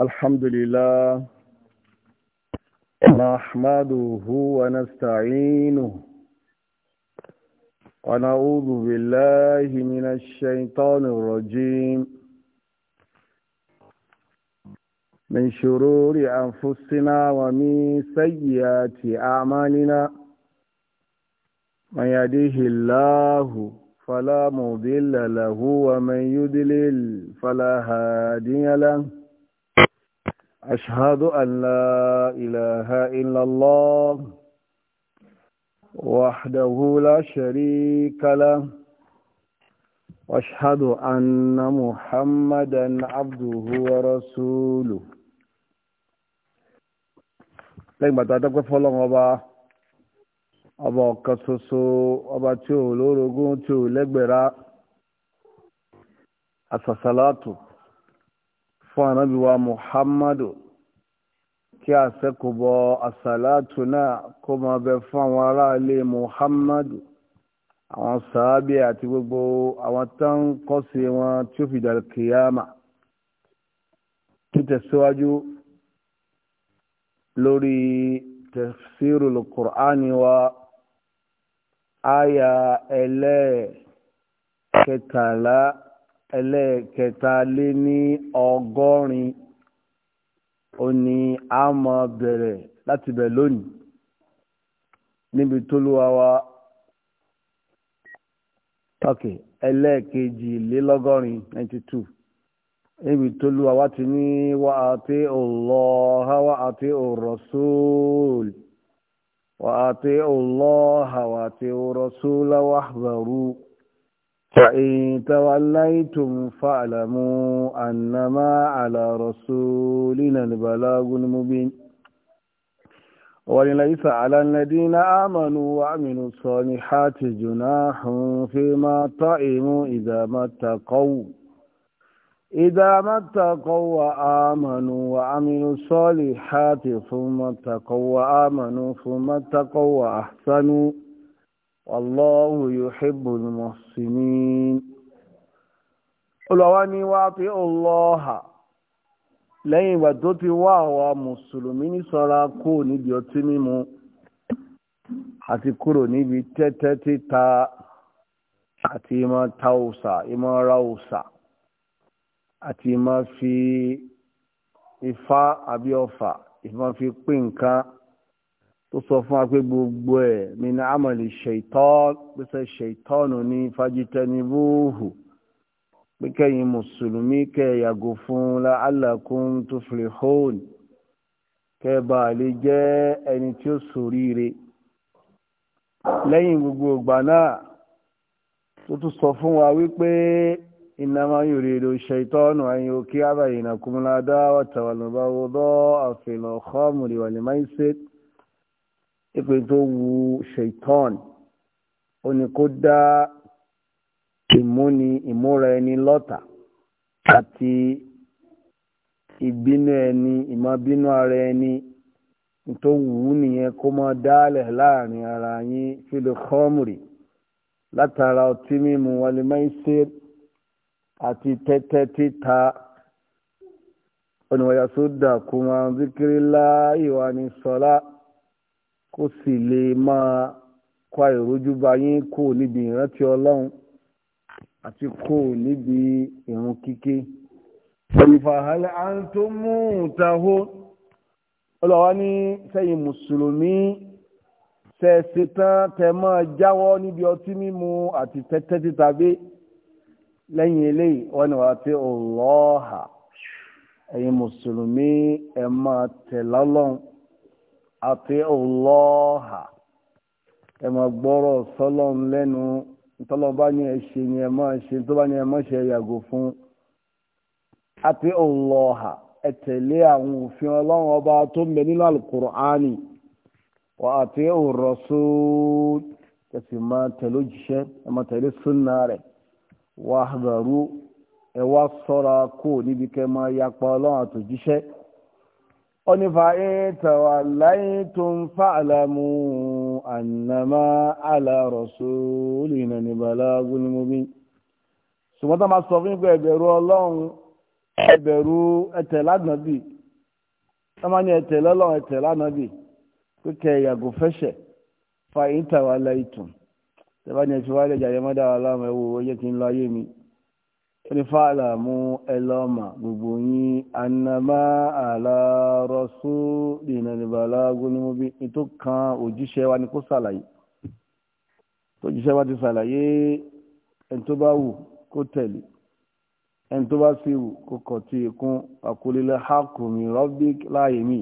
الحمد لله نحمده ونستعينه ونعوذ بالله من الشيطان الرجيم من شرور أنفسنا ومن سيئات أعمالنا من يديه الله فلا مضل له ومن يدلل فلا هادي له أشهد أن لا إله إلا الله وحده لا شريك له وأشهد أن محمدا عبده ورسوله lẹ́yìn bàtà dọ́pẹ́ fọlọ́run ọba ọba ọ̀kan ṣoṣo ọba tí ò lórogún tí ò lẹ́gbẹ̀rá àṣàṣàlátù fún ànábì wa muhammadu kí àṣẹkùbọ àṣàlátù náà kó máa bẹ fún àwọn aráalé muhammadu àwọn sàábì àti gbogbo àwọn tán kọ́sí wọn tí ó fi dàrí kìyàmà títẹ̀síwájú lórí tafsiru al wa aya ẹlẹ́ẹ̀kẹtàlá. ẹlẹ́ẹ̀kẹta lé ní ọgọ́rin ó ní a máa bẹ̀rẹ̀ láti bẹ̀ níbi wa tọ́kì ẹlẹ́ẹ̀kejì lélọ́gọ́rin ninety two níbi tólúwa wá ti ní wa àti Allaha wa àti Rasul wa àti wa àti فإن توليتم فاعلموا أنما على رسولنا البلاغ المبين وليس على الذين آمنوا وعملوا الصالحات جناح فيما طعموا إذا ما اتقوا إذا ما اتقوا وآمنوا وعملوا الصالحات ثم اتقوا وآمنوا ثم اتقوا وأحسنوا wallahu yuhibbul muhsinin olùwàwá ni wá pé ọlọ́ọ̀hà lẹ́yìn ìgbà tó ti wá àwa mùsùlùmí ní sọ́ra níbi ọtí àti kúrò níbi tẹ́tẹ́ títa àti ìmọ̀ ta òòsà ima ra àti fi ifa ọfa fi tó sọ fún wa pé gbogbo ẹ̀ min amali shaitan pèsè shaitanu ní fajitanibuhu pé kẹ́yìn mùsùlùmí kẹ́ yàgò fún la'allakum tuflihun kẹ́ bá lè jẹ́ ẹni tí ó ṣoríire lẹ́yìn gbogbo ìgbà náà tó tún sọ fún wa wípé innama yuridu shaitanu an yuqi'a bainakum al-adawata wal-baghdha'a fil khamri wal-maisir ìpè tó wu ṣèitán ó ní kó dá ìmúni ìmúra ẹni lọ́tà àti ìbínú ẹni ìmọ̀bínú ara ẹni tó wù ú nìyẹn kó mọ́ dálẹ̀ láàrin ara yín fílẹ̀ kọ́mùrì látara ọtí mímu wàlímẹ́sẹ̀ àti tẹ́tẹ́ títa oníwàyà sódà kùmà zikiri láàyè wà sọ́lá kó sì lè máa kọ́ ìrójú bá yín kó níbi ìrántí ọlọ́run àti kó níbi ìrun kíké. ìfàhálẹ̀ à ń tó mú ta hó ọlọ́wọ́ ní sẹ́yìn mùsùlùmí tẹ ṣetán tẹ máa jáwọ́ níbi ọtí mímu àti tẹ́tẹ́ títa gbé lẹ́yìn eléyìí wọ́n ní wàá tí ọlọ́ọ̀hà ẹ̀yin mùsùlùmí ẹ̀ máa tẹ̀lé ọlọ́run àti ọlọ́ọ̀hà ẹ máa gbọ́rọ̀ lẹ́nu tọ́lọ́bá ni ẹ máa ṣe tó bá ẹ máa ṣe yàgò fún àti ọlọ́ọ̀hà ẹ tẹ̀lé àwọn òfin ọlọ́run ọba tó ń bẹ nínú alukur'ani wà àti ọ̀rọ̀sọ́ọ́ ẹ sì máa tẹ̀lé òjíṣẹ́ ẹ máa tẹ̀lé súnà rẹ̀ ẹ wá sọ́ra kó níbi kẹ́ onífà ìtàwà láyé tó ń fàlàmù ànàmá alárọ̀sọ lìnà níbàlá gúnmọ́bí ṣùgbọ́n tó máa sọ fún ìgbà ẹ̀bẹ̀rù ọlọ́run ẹ̀bẹ̀rù ẹ̀tẹ̀ lánàbì tó máa ní ẹ̀tẹ̀ lọ́lọ́run ẹ̀tẹ̀ lánàbì pé ìyàgò fẹ́ṣẹ̀ fa ìtàwà láyé tó tẹ́bá ní ẹ̀fí wálé jàyẹ́mọ́dá aláàmọ̀ ẹ̀wò ó yẹ kí n onífààlà mú ẹlọ́mà gbogbo yín anamá àlárọ́sù dìnnà nìbàlá gbónímọ́bí ètò kan òjíṣẹ́ wa ni kó ṣàlàyé òjíṣẹ́ wa ti ṣàlàyé ẹni tó bá wù kó tẹ̀lé ẹni tó bá sì wù kó kọ̀ tí ikún àkólélẹ̀ hákùnmí rọ́bík láàyè mi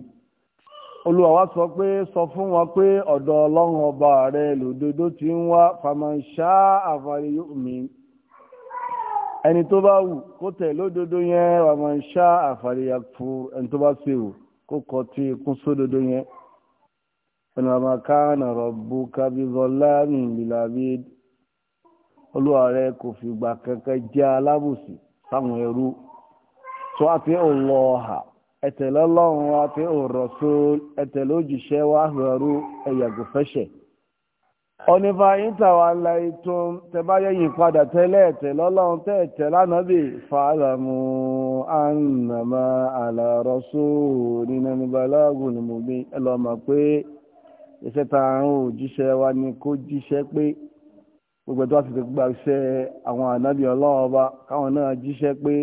olúwa wa sọ pé sọ fún wọn pé ọ̀dọ̀ ọlọ́run ọba rẹ lòdodo ti ń wá fàmọ́ṣá àfàrí yóò mìíràn ẹni tó bá wù kó tẹ̀ lódodo yẹn wà máa ń ṣá àfàríyà fún ẹni tó bá sì wù kó kọ tí kún sódodo yẹn ẹni wà máa ká nàrọ̀ bu kábíbọ́lá ní ìlàbí olúwa rẹ kò fìgbà kankan jẹ́ alábùsì sáwọn ẹrú tó a fi ń lọ ọ̀hà ẹ̀tẹ̀lọ́lọ́run a fi ń rọ̀ só ẹ̀tẹ̀lójúṣẹ́ wàá rọrú ẹ̀yàgò fẹ́ṣẹ̀ onífà ìtàwà láìtò tẹbáyẹ̀yìn padà tẹ́lẹ̀ẹ̀tẹ̀ lọ́lọ́run tẹ́ẹ̀tẹ̀ lánàbì fàálàmù ànàmà àlàrọ̀sù nínú balágùn ní mo bí ẹlọ́mà pé iṣẹ́ ta àrùn òjíṣẹ́ wa ni kó jíṣẹ́ pé gbogbo tó wá ti gba iṣẹ́ àwọn ànábì ọlọ́run ọba káwọn náà jíṣẹ́ pé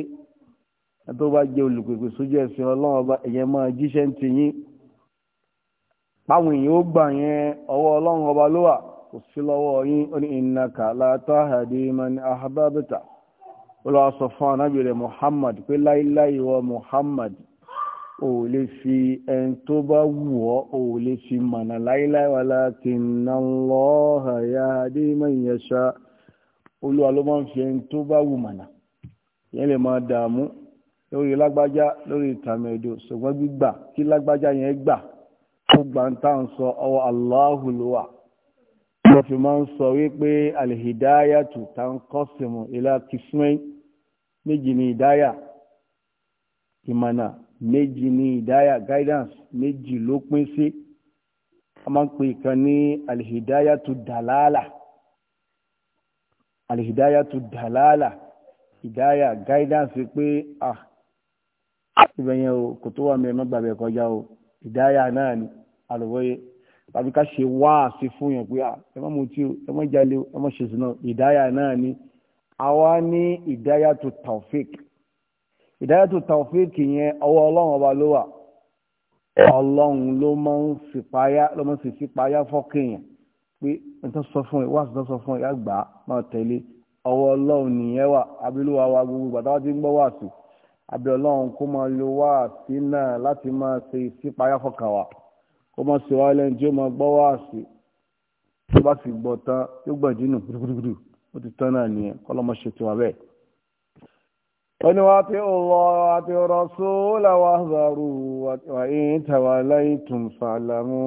tó bá jẹ́ olùpèpè sójú ẹ̀sìn ọlọ́run ọba ẹ̀yẹn máa jíṣẹ́ ń tiyín páwọn yẹn ọwọ́ ọlọ́run ọba ló wà kò sí lọ́wọ́ yín ó ní innaka la tahdi man ahbabta ó lọ́wọ́ sọ fún anábì Muhammad pé láíláí wa Muhammad o le fi ẹni tó bá wù o le fi mana láíláí walakinna Allaha yahdi man yasha olúwa ló máa fi ẹni tó bá wù tó fi máa ń sọ wípé alìhìdáyàtù tá ń kọ́ sìmù ilá kìsùn méjì ní ìdáyà ìmọ̀nà méjì ní ìdáyà guidance méjì ló pín sí a máa ń pè kan ní alìhìdáyàtù dàlálà alìhìdáyàtù dàlálà ìdáyà guidance pé ah ibẹ̀ yẹn o kò tó wà mí ẹ kọjá o ìdáyà náà ni àlùwọ́yé tàbí ká ṣe wáàsí fún yàn pé ẹ má mutí o ẹ má jalè o ẹ má ṣe zina ìdáyà náà ni àwa ní ìdáyà tó taofik ìdáyà tó taofik yẹn ọwọ́ ọlọ́run ọba ló wà ọlọ́run ló máa ń sìpáyà ló máa ń sì sípáyà fọ́kìyàn pé nǹkan sọ fún ẹ wáàsí tó sọ fún ẹ yá gbà á máa tẹ̀lé ọwọ́ ọlọ́run nìyẹn wà abilúwa wa gbogbo gbàtà wá ti ń gbọ́ wáàsí abẹ́ ọlọ́run kó máa lo wáàsí náà láti máa ṣe ìsípayà fọ́kàn wa kó má ṣe wáyé lẹ́yìn tí ó máa gbọ́ wá sí tó bá sì gbọ́ tán yóò gbàjú nù gúdúgúdú ó ti tán náà nìyẹn kọ́ lọ́mọ ṣe tiwa bẹ́ẹ̀. wọ́n ní wàá ti ọ̀rọ̀ àti ọ̀rọ̀ sóòlà wà wà ìyìn tàwa láì tún fàlàmù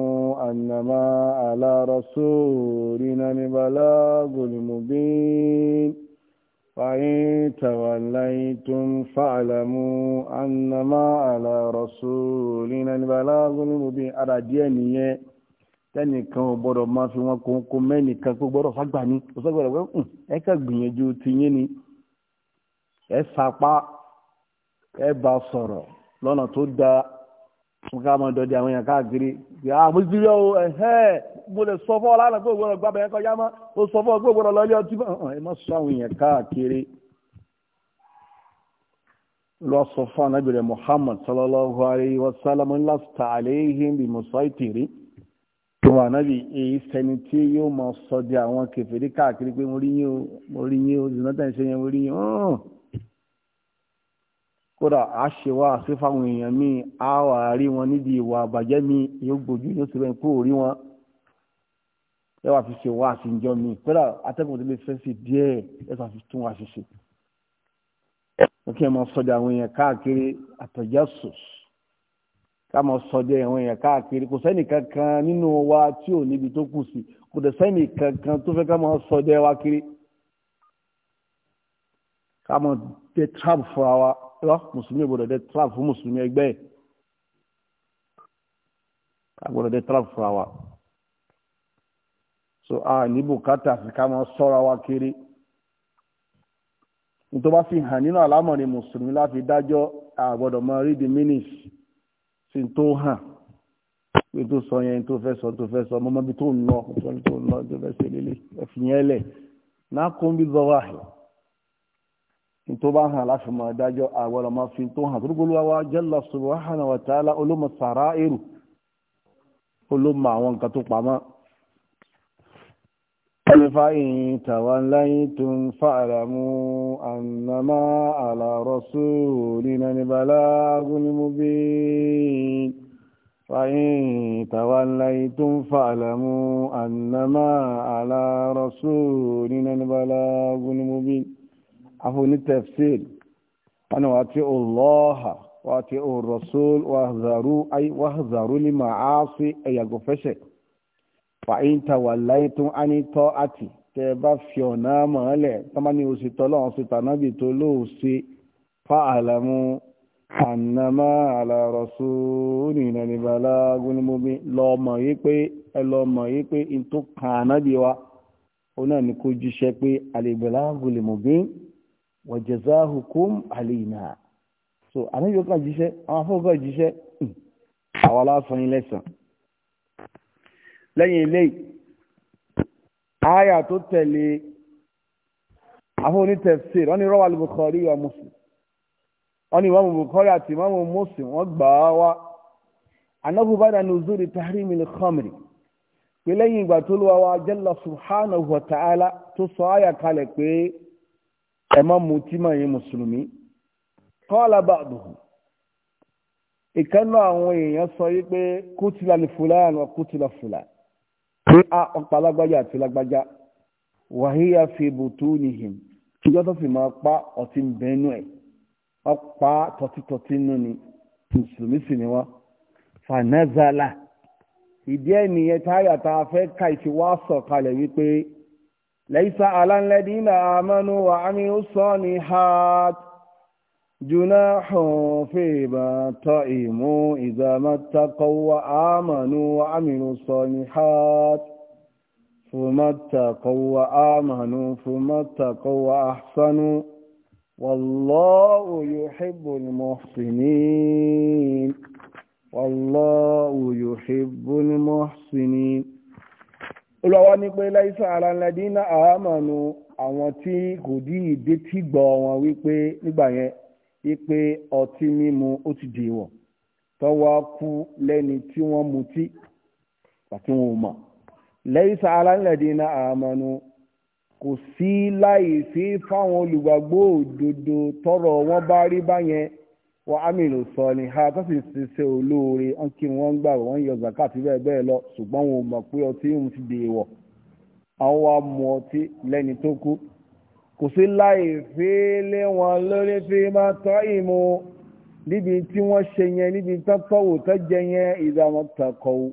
ànàmá àlàrọ̀ sóòrì náà ní فإن توليتم فاعلموا أنما على رسولنا البلاغ المبين ara díẹ̀ nìyẹn tẹnìkan ò gbọ́dọ̀ máa fi wọn kóńkó mẹ́nìkan tó gbọ́dọ̀ fagbà ní òṣèlú ẹ̀wọ̀n hmm, ẹ kà gbìyànjú tiyín ni ẹ sapá ẹ bá sọ̀rọ̀ lọ́nà tó dáa fún ká máa dọdẹ àwọn èèyàn káàkiri yàrá ah, mo ti rí ọ ẹhẹ mo lè sọ fọ lánàá pé ògbọ́dọ̀ gbàgbẹ ẹkọ yá má mo sọ fọ pé ògbọ́dọ̀ ọtí má ẹ má sọ àwọn èèyàn káàkiri lọ sọ fún anábìrẹ Muhammad sallallahu alayhi wa sallam lásìtà àléhìn bí musa ìtìrí tó wà nábì èyí sẹni tí yóò máa sọ di àwọn kèfèrí káàkiri pé mo rí yín o mo rí yín o Jonathan kódà a ṣe wá àṣẹ fáwọn èèyàn míì á wà rí wọn níbi ìwà àbàjẹ́ mi yóò gbójú yóò sì bẹ́ẹ̀ kó rí wọn ẹ wà fi ṣe wá àṣìjọ mi kódà atẹ́gùn tó lè fẹ́ sí díẹ̀ ẹ sọ fi tún wá ṣe ṣe. kí ẹ máa sọdẹ àwọn èèyàn káàkiri àtajassus ká máa sọdẹ àwọn èèyàn káàkiri kò sẹ́nì kankan nínú wa tí ò níbi tó kù sí kò dẹ̀ sẹ́nì kankan tó fẹ́ ká máa sọdẹ wa kiri ká máa trap fúnra rọ mùsùlùmí gbọ́dọ̀ dẹ trap fún mùsùlùmí ẹgbẹ́ ẹ̀ a gbọ́dọ̀ dẹ trap fún wa so a ní bùkátà sí ká máa sọ́ra wa kiri nítorí wọ́n fi hàn nínú àlámọ̀ mùsùlùmí láti dájọ́ a gbọ́dọ̀ máa rí the minutes sí tó hàn pé tó sọ yẹn tó fẹ́ sọ tó fẹ́ sọ mọ́mọ́bí tó ń lọ tó ń lọ tó fẹ́ ṣe lélẹ̀ náà kó bí zọ́wọ́ àhẹ́ tó bá hàn láti mọ̀ dájọ́ àwọn ọmọ fi tó hàn torígbólúwáwá jalla subhanahu wa ta'ala olómọ sàrá èrò olómọ àwọn nǹkan tó pamọ́ فإن توليتم فاعلموا أنما على رسولنا البلاغ المبين فإن توليتم فاعلموا أنما على رسولنا البلاغ المبين afọ ni tep siili a na-atọwa ati ụlọ ọha ati ụlọọsọ wà zaro nima a si eyago fese fa'ita wa layi tụn anita ati teba fiọ na maa le tọma ni osito lohan si tanabi to lo si fa'ala mu hanna maala rosu ni iraniba la gulimobi lo maoyi pe ịlọ pe in to kanabi wa o na niko jise wa jazahukum alayna so àníbi ọkàn jíṣẹ́ àwọn afọ́gbà jíṣẹ́ hmm, àwọn aláṣọ yín lẹ́sàn lẹ́yìn ilé àyà tó tẹ̀lé afọ́ni tafsir wọ́n ní rawal Bukhari wa Muslim wọ́n ní Imam Bukhari àti Imam Muslim wọ́n gbà á wá anahu bada nuzuri tahrimil khamri pé lẹ́yìn ìgbà tó lọ́wọ́ wa jalla subhanahu wa ta'ala tó sọ àyà kalẹ̀ pé ẹ má mutí mọ́ yín mùsùlùmí ìkànnà àwọn èèyàn sọ yí pé kútìlà ní fúlàn wa kútìlà fúlàn pé a ọ̀pá lágbájá àti wàhíyà fi butunihim ṣùgbọ́n tó fi máa pa ọtí ń ẹ̀ ọ̀pá tọ́títọ́tí nù ni mùsùlùmí sì ni fanazala ìdí ẹ̀ nìyẹn táyà tá a ليس على الذين آمنوا وعملوا الصالحات جناح فيما طعموا إذا ما اتقوا وآمنوا وعملوا الصالحات ثم اتقوا وآمنوا ثم اتقوا وأحسنوا والله يحب المحسنين والله يحب المحسنين olùwàwá ní pé láìsàn ara ńlẹ́dín náà àhámọ̀nù àwọn tí kò dí ìdé tí gbọ́ wọn wípé nígbà yẹn wípé ọtí mímu ó ti dì wọ̀ tọ́wọ́ kú lẹ́ni tí wọ́n mutí àti wọn ò mọ̀ láìsàn ara ńlẹ́dín náà àhámọ̀nù kò sí láì sí fáwọn olùgbàgbọ́ òdodo tọrọ wọn bá rí báyẹn wọ́n amílù sọ ni ha tó sì ti ṣe olóore wọ́n kí wọ́n ń gbàgbọ́ wọ́n yọ zakati bẹ́ẹ̀ bẹ́ẹ̀ lọ ṣùgbọ́n wọn ò mọ̀ pé ọtí ń ti dè wọ̀ àwọn wa mu ọtí lẹ́ni tó kú kò sí láì fi lé wọn lórí fi máa tọ́ ìmú níbi tí wọ́n ṣe yẹn níbi tán tọ́wò tán jẹ yẹn ìdààmú takọ̀wò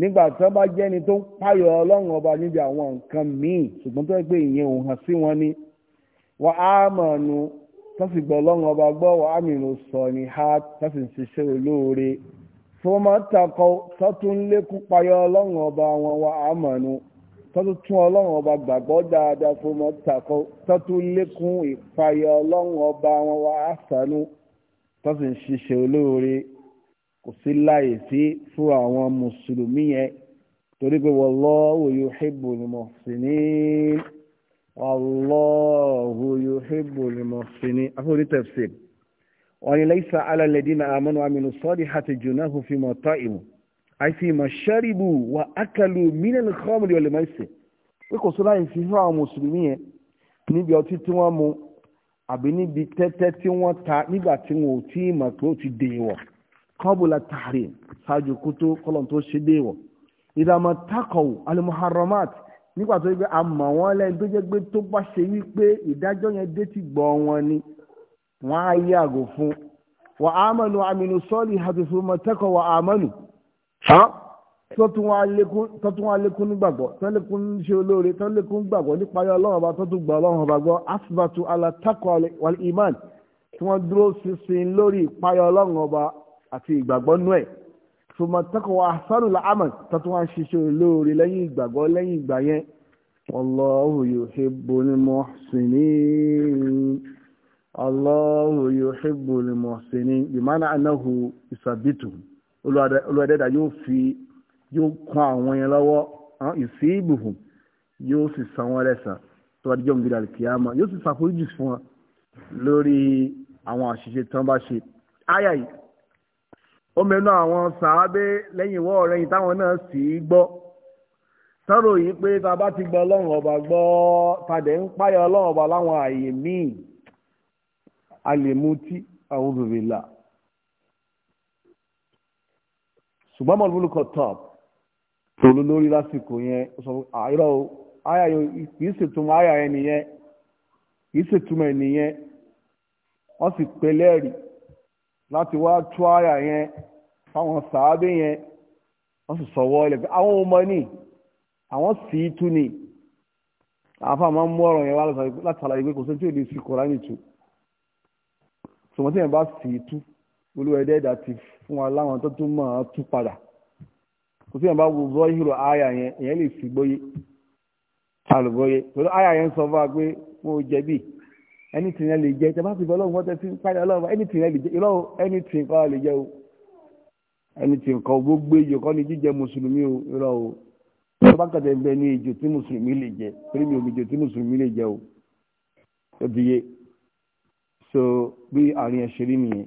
nígbà tí wọ́n bá jẹ́ni tó ń payọ̀ ọlọ́run ọba níbi àwọn nǹkan míì ṣùgbọ́n tó ń pè ìyẹn òun hàn sí wọn ni wọ́n á mọ̀ nu tọ́sí gbọ́ ọba gbọ́ wà ámìnú sọ ní ha tọ́sí ń ṣiṣẹ́ olóore fún ọmọ takọ tọ́tún lékún payọ́ ọlọ́wọ́ ọba wọn wà ámọ̀nù tọ́tún tún ọlọ́wọ́ ọba gbàgbọ́ dáadáa fún ọmọ takọ tọ́tún lékún ìpayọ́ ọlọ́wọ́ ọba wọn wà ásánú tọ́sí ń ṣiṣẹ́ olóore kò sí láyè sí fún àwọn mùsùlùmí yẹn torí pé wallahu yuhibbul muhsinin wallahu yuhibbul muhsinin afori tafsir wọ́n ní laysa ala alladhina amanu wa amilu salihati junahun fima ta'imu ay fima sharibu wa akalu minal khamri wal maisir pé kò sọ́dá yìí fi fún àwọn mùsùlùmí yẹn níbi ọtí tí wọ́n mu àbí níbi tẹ́tẹ́ tí wọ́n ta nígbà tí wọn ò mọ̀ pé ó ti dè wọ̀ kọ́bùlà tààrí nípa tó yẹ pé a mọ̀ wọ́n lẹ́ni tó jẹ́ pé tó bá ṣe wípé ìdájọ́ yẹn dé ti gbọ́ wọn ni wọ́n á yàgò fún wa amanu aminu sọ́ọ̀lì àtúnṣe ọmọ tẹ́kọ̀ọ́ wa amanu tọ́tún wá lékún nígbàgbọ́ tọ́ lékún ṣe olóore tọ́ lékún gbàgbọ́ nípa ayé ọlọ́run ọba tọ́tún gba ọlọ́run ọba gbọ́ asibatu alatakọ wal iman tí wọ́n dúró ṣinṣin lórí ìpayọ̀ ọlọ́run ọba àti ìgbàgbọ́ nú ẹ̀ sọmọ tẹkọọ ahsanu làámà tọ́tún wá ṣiṣẹ́ olóore lẹ́yìn ìgbàgbọ́ lẹ́yìn ìgbà yẹn wallahu yuhibbul muhsinin allahu yuhibbul muhsinin bimana anahu isabitu olùwàdẹ́dà yóò fi yóò kún àwọn yẹn lọ́wọ́ ìsìbùhùn yóò sì san wọ́n lẹ́san tó bá dijọ́ gbìdà kìámà yóò sì ṣàforíjì fún wọn lórí àwọn àṣìṣe tí wọ́n bá ṣe áyà ó mẹ́nu àwọn sàábé lẹ́yìn ìwọ́ ọ̀rẹ́ táwọn náà sì gbọ́ sọ̀rọ̀ yìí pé ta bá ti gbọ́ ọlọ́run ọba gbọ́ tàdé ń páyà ọlọ́run ọba láwọn àyè míì a lè mutí àwọn là ṣùgbọ́n lórí yẹn sọ àyà ṣètùmọ̀ àyà ṣètùmọ̀ wọ́n sì láti wá tú àyà yẹn fáwọn sàábé yẹn wọ́n sì sọ̀wọ́ ilẹ̀ pé àwọn ọmọ ní àwọn sì í tú ni àáfà máa ń mú ọ̀rọ̀ yẹn wá láti ṣàlàyé pé kò sí tí ò lè sí kòránì tú ṣùgbọ́n tí yẹn bá sì í tú olúwẹ̀dẹ́dà ti fún wa láwọn tó tún máa tú padà kò sí yẹn bá wo zọ́hírò àyà yẹn èyàn lè sì gbóyè alùgbóyè pẹ̀lú àyà yẹn sọ fún wa pé wọn ò jẹ̀bi anything ẹ lè jẹ tẹ bá fi bọ́ lọ́wọ́ tẹ fi ń parí ọlọ́wọ́ anything ẹ lè jẹ irọ́ anything kọ́ lè jẹ o anything kọ́ gbogbo ejò kọ́ ni jíjẹ mùsùlùmí o irọ́ o tó bá kàtẹ́ bẹ ní ejò tí mùsùlùmí lè jẹ torí mi ò ejò tí mùsùlùmí lè jẹ o ó ti yé so bí àárín ẹ̀ ṣe rí nìyẹn.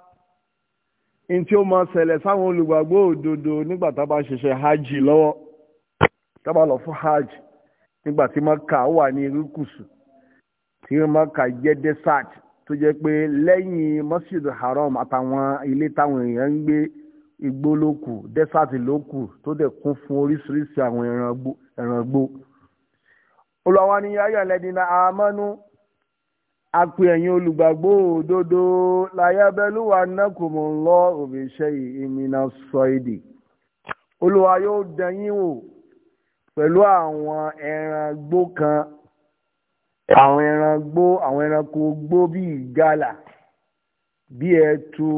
n tí ó máa ṣẹlẹ̀ sáwọn olùgbàgbọ́ òdodo nígbà tá a bá ṣẹ̀ṣẹ̀ hajj lọ́wọ́ tá a bá lọ fún hajj nígbà tí maka wà ní erékùsù tí maka jẹ́ desert tó jẹ́ pé lẹ́yìn masjid haram àtàwọn ilé táwọn èèyàn ń gbé igbó ló kù desert ló kù tó dẹ̀ kún fún oríṣiríṣi àwọn ẹran gbó. olùwàwọ̀ ni ayọ̀ lẹ́dínlá àmọ́nú àpè ẹ̀yin olùgbàgbọ́ òdodo láyábẹ́lúwà nákùmọ̀ ńlọ òbíṣẹ́ ìmìnà sọ́ìdì olúwa yóò dẹ̀yìn wò pẹ̀lú àwọn ẹran gbó kan àwọn ẹran gbó àwọn ẹranko gbó bíi gàlà bíi ẹtu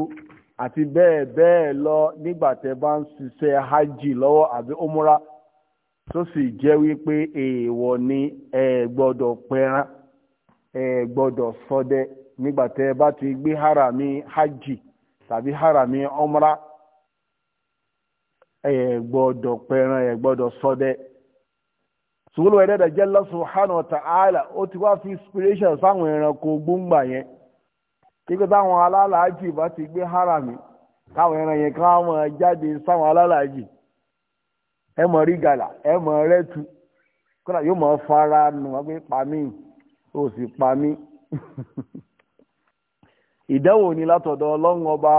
àti bẹ́ẹ̀ bẹ́ẹ̀ lọ nígbà tẹ́ bá ń ṣiṣẹ́ hajj lọ́wọ́ àbí umra tó sì jẹ́ wípé èèwọ̀ ni ẹ gbọ́dọ̀ pẹran. ẹ gbọ́dọ̀ ṣọdẹ harami hajj tàbí harami umra ẹ gbọ́dọ̀ pẹran ẹ gbọ́dọ̀ ṣọdẹ sùgbọ́n wẹ̀rẹ́ dà jẹ́ Allah subhanahu ó ti wá fi inspiration sáwọn ẹranko gbóngbà yẹn harami ẹran yẹn jáde sáwọn alálàájì ẹ mọ̀ rí ó sì pa mí ìdánwò ni látọ̀dọ̀ ọlọ́run ọba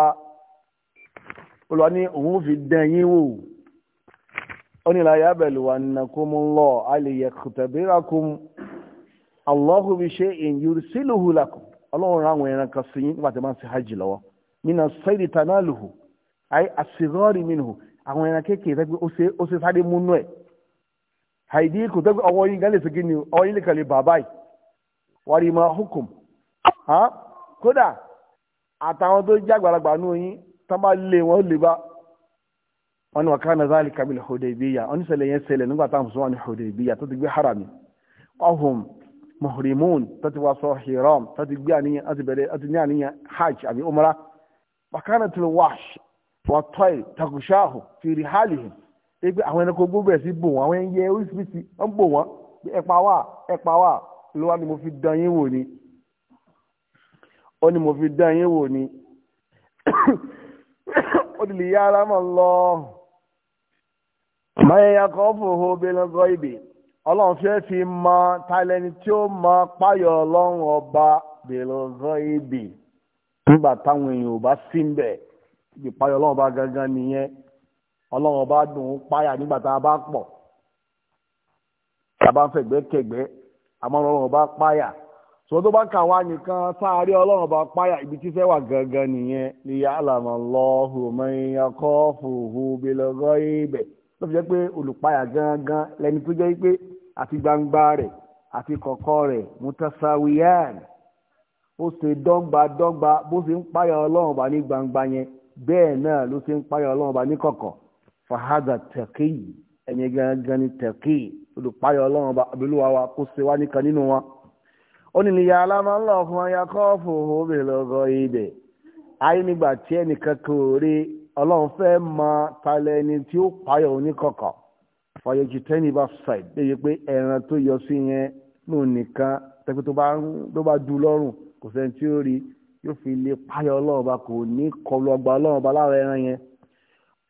ó lọ ní òun fi dán yín wò ó ní láyé abẹ́lú wa nàkún mú lọ àlèyé kùtàbírakùn Allahu bi shay'in yursiluhu lakum ọlọ́run ráwọn ẹran kan sí yín nígbà tí wọ́n ti hajj lọ́wọ́ nínú sẹ́ẹ̀dì tanaluhu àyè àṣìrọ́ọ̀rì minhu àwọn ẹran kéékèèké pé ó ṣe sáré múnú ẹ̀ àìdí kò ọwọ́ yín gán lè kí ni ọwọ́ yín lè kàn lè wari ma hukum kódà àtàwọn tó jẹ́ àgbàlagbà nù yín tán bá lé wọn lè bá wọn ni wọ́n náà záàlì kabil Hudaybiya wọn ní yẹn nígbà táwọn sọ ti gbé harami ọhún muhrimun tó ti wá sọ hiram tó ti gbé àníyàn àti àti ní àníyàn hajj àbí umra bàkánà tó lè wáṣ wà tọ́ì takushahu fi àwọn gbogbo ẹ̀ sí bò wọn àwọn oríṣiríṣi wọn ló wá mo fi dán yín wò ni ó ní mo fi dán yín wò ni ó ti lè yá ara mọ̀ lọ mayẹ̀yà kan fòho belọ́gọ́ ibè ọlọ́run fẹ́ fi mọ talẹ́ni tí ó mọ páyọ̀ ọlọ́run ọba belọ́gọ́ ibè nígbà táwọn èèyàn ò bá sí ń bẹ̀ ìpáyọ̀ ọlọ́run ọba gangan nìyẹn ọlọ́run ọba dùn ún páyà nígbà tá a bá pọ̀ tá a bá ń fẹ̀gbẹ́kẹ̀gbẹ́ àmọ́ ọlọ́run ọba páyà sọ tó bá kà wá nìkan sáárẹ ọlọ́run ọba páyà ibi tí fẹ́ wà gangan nìyẹn ni ya'lamu Allahu man yakhafuhu bil-ghaybi ló fi jẹ́ pé olùpáyà gangan lẹni tó jẹ́ pé àti gbangba rẹ̀ àti kọ̀kọ̀ rẹ̀ mutasawiyan ó ṣe dọ́gba dọ́gba bó ṣe ń páyà ọlọ́run ọba ní gbangba yẹn bẹ́ẹ̀ náà ló ṣe ń páyà ọlọ́run ọba ní kọ̀kọ̀ fahadà tẹ̀kì ẹ̀yẹ gangan ni tẹ̀kì olùpáyọ ọlọ́run ọba abilúwa wa kó ṣe wá nínú wa ó ní níyà alámọ́lọ́ fún ọyà kọ́ọ̀fù òbí lọ́gọ́ ibẹ̀ ayé nígbà tí ẹnìkan kò rí ọlọ́run fẹ́ mọ talẹ̀ ẹni tí ó páyọ oníkọ̀kọ̀ fọyọ́jì tẹ́ni bá ṣàì pé ẹran tó yọ sí yẹn ló nìkan tẹ́pẹ́ tó bá bá du lọ́rùn kò sẹ́ni tí kọlu ọgbà ọlọ́run ọba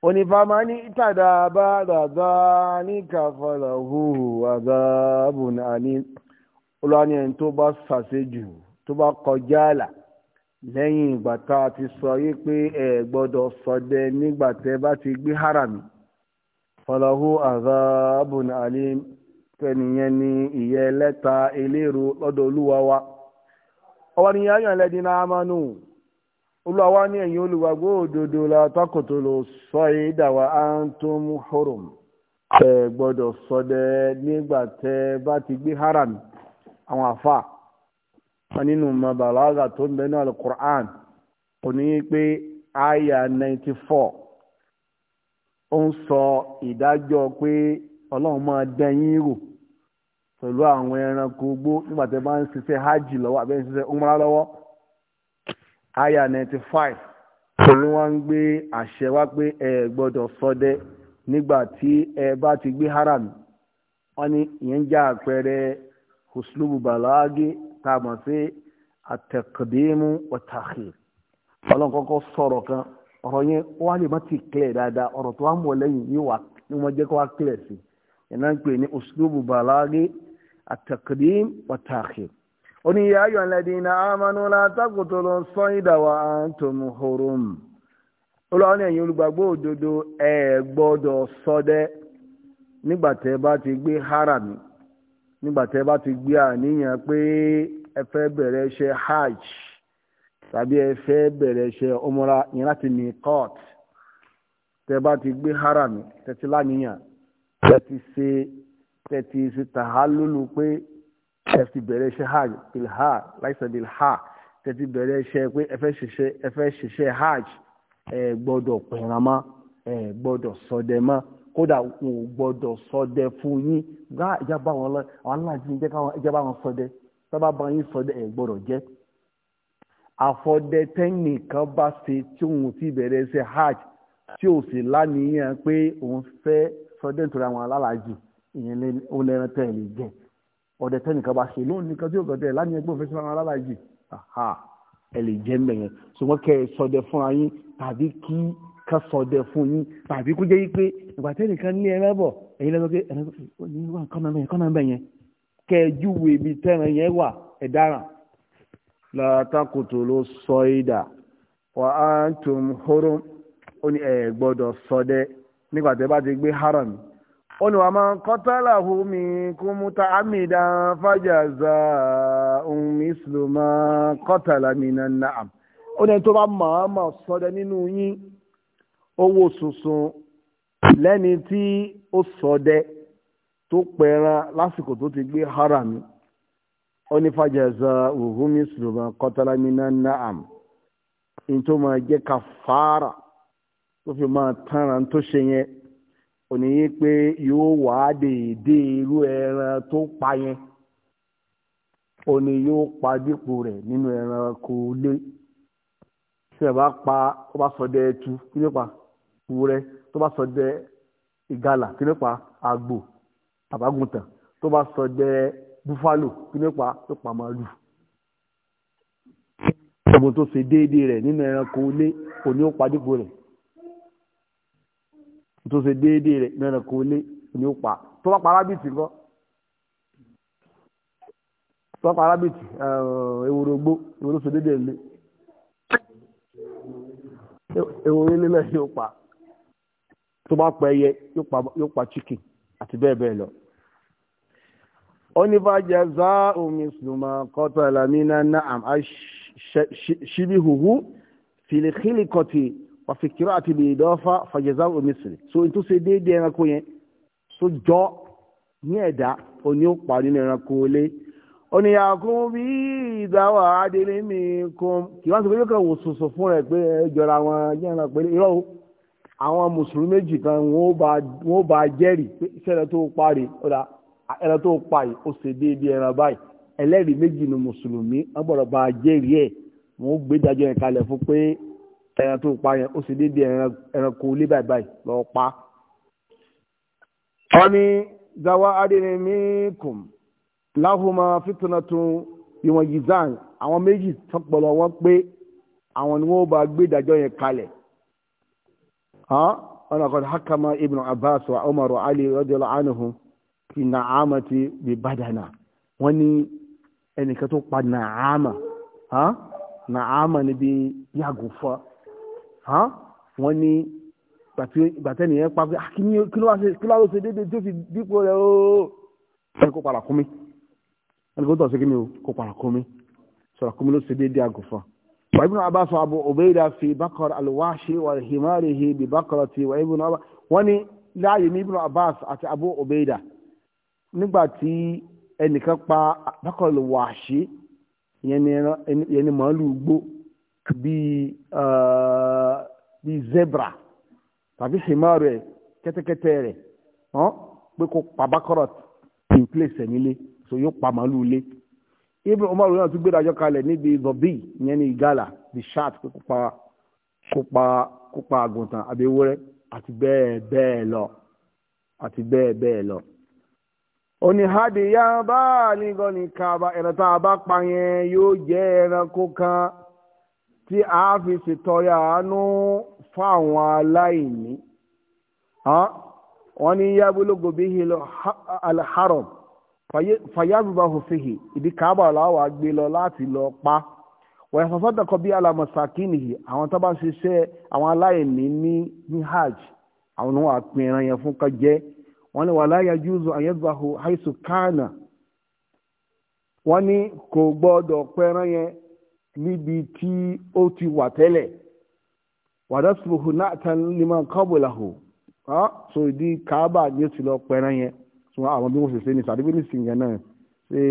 wani fama ni ita da ba da za ni kafa da huhu a zaabu na ni olaniyan to ba sase ju to ba kọja la lẹyìn ìgbà ta ti sọ yí pé ẹ gbọdọ sọdẹ nígbà tẹ bá ti gbé harami fọlọhù na ni tẹnìyẹn ni ìyẹ lẹta eléru lọdọ olúwa wa ọwọ ni yẹn ayọ lẹdí náà manú. olùwàwá ní ẹ̀yìn olùwàgbọ́ òdodo la takòtò lò sọ yìí dàwa antum hurum ẹ gbọ́dọ̀ ṣọdẹ nígbà tẹ́ bá ti gbé haram àwọn àfa wọn nínú mabalaga tó ń bẹ alukur'an kò ní í pé sọ pé ọlọ́run máa rò pẹ̀lú àwọn ẹranko gbó nígbà bá ń ṣiṣẹ́ hajj lọ́wọ́ àbẹ́ ń ṣiṣẹ́ aya 95 five ni wọ́n ń gbé àṣẹ wá pé ẹ nígbà tí ẹ bá ti gbé haram wọn ni ìyẹn jẹ́ àpẹẹrẹ uslubu balagi tá a mọ̀ sí atẹ̀kọ̀dẹ́mú ọ̀tàkì ọlọ́run sọ̀rọ̀ kan ọ̀rọ̀ yẹn wá lè má ti clear dáadáa ọ̀rọ̀ tó ń bọ̀ lẹ́yìn wọ́n jẹ́ kó wá clear sí náà ń pè ní oni ya ayyuhal ladina amanu la taqtulu sayda wa antum hurum Ọlọ́run ẹ̀yin olùgbàgbọ́ òdodo ẹ gbọ́dọ̀ bá ti gbé harami nígbà bá ti gbé àníyàn pé ẹ fẹ́ bẹ̀rẹ̀ hajj tàbí ẹ fẹ́ bẹ̀rẹ̀ láti court bá ti gbé harami tẹ́ ti láníyàn tẹ́ ti ṣe ẹ ti bẹ̀rẹ̀ iṣẹ́ hajj bilha láìsẹ̀ bilha ẹ ti bẹ̀rẹ̀ iṣẹ́ pé ẹ fẹ́ ṣiṣẹ́ ẹ fẹ́ ṣiṣẹ́ hajj ẹ gbọ́dọ̀ pẹ̀ràn kódà n ò gbọ́dọ̀ ṣọdẹ fún yín gbá ìjà wọn lọ àwọn aláàjì ń jẹ káwọn ìjà wọn ṣọdẹ sábà bá yín ṣọdẹ ẹ gbọ́dọ̀ jẹ́ àfọdẹ tẹ́nìkan bá ṣe tí òun ti bẹ̀rẹ̀ iṣẹ́ hajj tí ò sì lánìyàn pé òun fẹ́ ṣọdẹ nítorí àwọn alálàájì ìyẹn ó lẹ́ran tẹ́lẹ̀ jẹ́ ọ̀dẹ̀ tẹ́nìkan bá ṣe lóun nìkan tí òkàn tẹ̀ láti ẹgbẹ́ òfin sọ́nà alálàájì ẹ lè jẹ́ mẹ́yẹn ṣùgbọ́n kẹ́ ẹ sọdẹ fúnra yín tàbí kí ká sọdẹ fún yín tàbí kó jẹ́ pé ìgbà tẹ́nìkan ní ẹran bọ̀ ẹ̀yin lọ́dọ̀ pé ẹran wà kọ́nà mẹ́yẹn kọ́nà mẹ́yẹn kẹ́ ẹ júwe ibi tẹ́ran yẹn wà ẹ̀ dáràn. látàkùtù ló sọ ìdà wà á tún hóoró ó ní sọdẹ nígbà tẹ́ bá ti gbé haram ó ní wàá máa kọ́tàlá omi kún múta amida fàjàzà omi ìsìlùmọ́ kọ́tàlá mina náà ó ní tó bá màámà sọdẹ nínú yín owó sunsun lẹ́ni tí ó sọdẹ tó pẹran lásìkò tó ti gbé harami ó ní fàjàzà omi ìsìlùmọ́ kọ́tàlá mina náà ní tó máa jẹ́ kàfàrà tó fi máa tánra tó ṣe yẹn òní yí pé yóò wá dèédé irú ẹran tó pa yẹn òní yóò pa dípò rẹ̀ nínú ẹranko lé tí ẹ bá pa tó bá sọdẹ ẹtu kí ló pa wúrẹ́ tó bá sọdẹ ìgalà kí ló pa àgbò àbágùntàn tó bá sọdẹ búfálò kí ló pa tó pa màálù ọmọ tó ṣe déédéé rẹ̀ nínú ẹranko lé òní ó pa dípò rẹ̀ tó ṣe déédéé rẹ̀ náà kò lé ni ó pa tó bá pa arábìtì ńkọ́ tó bá pa arábìtì eh, ewúro gbó ewúro ṣe déédéé lé ewúro lé náà yóò pa tó bá pa ẹyẹ yóò pa chicken àti bẹ́ẹ̀ bẹ́ẹ̀ lọ onífàjẹ́ zá omi sùnmọ́ kọ́tọ̀ ẹ̀lámínà náà ṣíbíhùhù fìlìkìlì kọ́tì wàfi kíró àti bìdọ́fà fàjẹsà omisiri so n tó ṣe déédéé ẹranko yẹn so jọ ní ẹ̀dá oní òpá nínú ẹranko lé oníyàkùn bí ìdáwà adìrin mi kún kì wọ́n sọ pé yóò kàn wò sòsò fún rẹ̀ pé jọra wọn jẹ́ ẹran pé irọ́ o àwọn mùsùlùmí méjì kan wọ́n bá jẹ́rìí pé iṣẹ́ tó parí ọ̀dà ẹran tó pa yìí ó ṣe déédéé ẹran báyìí ẹlẹ́rìí méjì ni mùsùlùmí wọ́n gbọ́dọ̀ bá jẹ́rìí ẹ̀ wọ́n gbé dájọ́ yẹn kalẹ̀ fún pé ẹran tó pa yẹn ó sì débi ẹranko ilé báyìí báyìí lọ pa. wọ́n ní zawa adìrẹ́mìkùn láhùnmá fitinatun ìwọ̀n yizan àwọn méjì wọn pé àwọn ni wọn bá gbé ìdájọ́ yẹn kalẹ̀. hakama ibn abbas wa umar wa ali radiyallahu anhum fi nàámà ti bí ní ẹnìkan tó pa yàgò fún wọ́n ní gbàtẹ́nì yẹn pàṣẹ kí ló wá ṣe déédéé tó fi dípò rẹ̀ ooo ẹni kó para kún mi ẹni kó tọ̀ sí kí ni o kó para kún mi sọ̀rọ̀ kún mi ló ṣe déédéé àgùfà. وابن عباس وابو عبيده في بقر الوحش وحماره ببقرة وابن عباس وني لا يمي ابن عباس àti abu ubaida nígbà tí ẹnìkan pa baqar alwashi yẹn ni yẹn ni màálù gbó bíi bíi zebra tàbí himaru ẹ kẹ́tẹ́kẹ́tẹ́ rẹ̀ hàn pé kó pa in place ẹ̀ nílé so yóò pa màálù ilé Ibn Umar náà tún gbéra ọjọ́ kalẹ̀ níbi zobi ìyẹn ní ìgalà the shat pé kó pa kó pa kó pa àgùntàn àbí ewúrẹ́ àti bẹ́ẹ̀ bẹ́ẹ̀ lọ àti bẹ́ẹ̀ bẹ́ẹ̀ lọ oníhàdìyà bá a ní kaaba ẹ̀rọ tá a bá pa yẹn yóò jẹ́ ẹranko kan tí a fi ṣètọrẹ àánú fáwọn aláìní wọ́n ní yábúlógún bí alharam fayarubahu fihi ìdí káàbà làwọn àgbè lọ láti lọ pa wọ́n fọ́sọ́dọ̀ kọ bí alamasakini yìí àwọn tó bá ṣiṣẹ́ àwọn aláìní ní ní hajj àwọn ni wọ́n á pin ẹran yẹn fún kọjẹ́ wọ́n ní wala yajuzu ayélujáfù haisu kánà wọ́n ní kò gbọ́dọ̀ pẹ́ran yẹn níbi tí ó ti wà tẹ́lẹ̀ wàdásùlùhù náà tán ní máa kọ́bù làhù so ìdí káábà ni ó ti lọ pẹran yẹn so àwọn bí wọ́n ṣe ṣe ní sàdébí ní sìn yẹn náà ṣe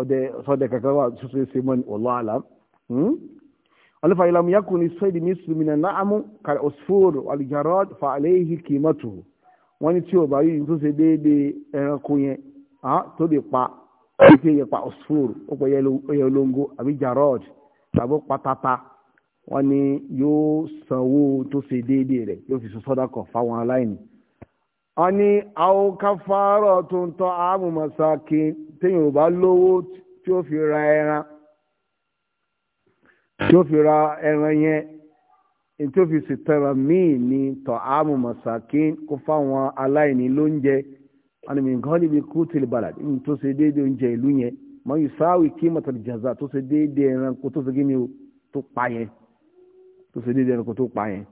ọdẹ sọdẹ kankan wà tó ṣe ṣe mọ́ ní wallahu alam hmm? ọlọ́fà ìlàmù yakun ní sọ́ọ̀dì ní sùmìnà náàmú kàrẹ́ osfor alìjàrọ́d fa àléhì kìmọ́tò wọ́n ní tí ò bá rí ní tó ṣe déédéé ẹranko yẹn tó lè pa pípé yẹpa osfur ó pẹ yẹ olóńgó àbí jarod tàbí patata wọn ni yóò sanwó tó ṣe déédéé rẹ̀ yóò fi sọ sọdá kan fáwọn aláìní. wọn ní àwọn káfárọ̀ tó ń tọ́ àmùmọ̀sáàkì téèyàn ò bá lówó tí ó fi ra ẹran tí ó fi ra ẹran yẹn tí ó fi sì tẹ̀ra míì ní tọ́ àmùmọ̀sáàkì kó fáwọn aláìní lóúnjẹ ani min gani bi kutil balad in to se déédéé oúnjẹ ìlú yẹn mọ ìsáwì kí mọtàl jaza tó ṣe déédéé ẹranko tó ṣe gíní tó pa yẹn tó ṣe déédéé ẹranko tó pa yẹn.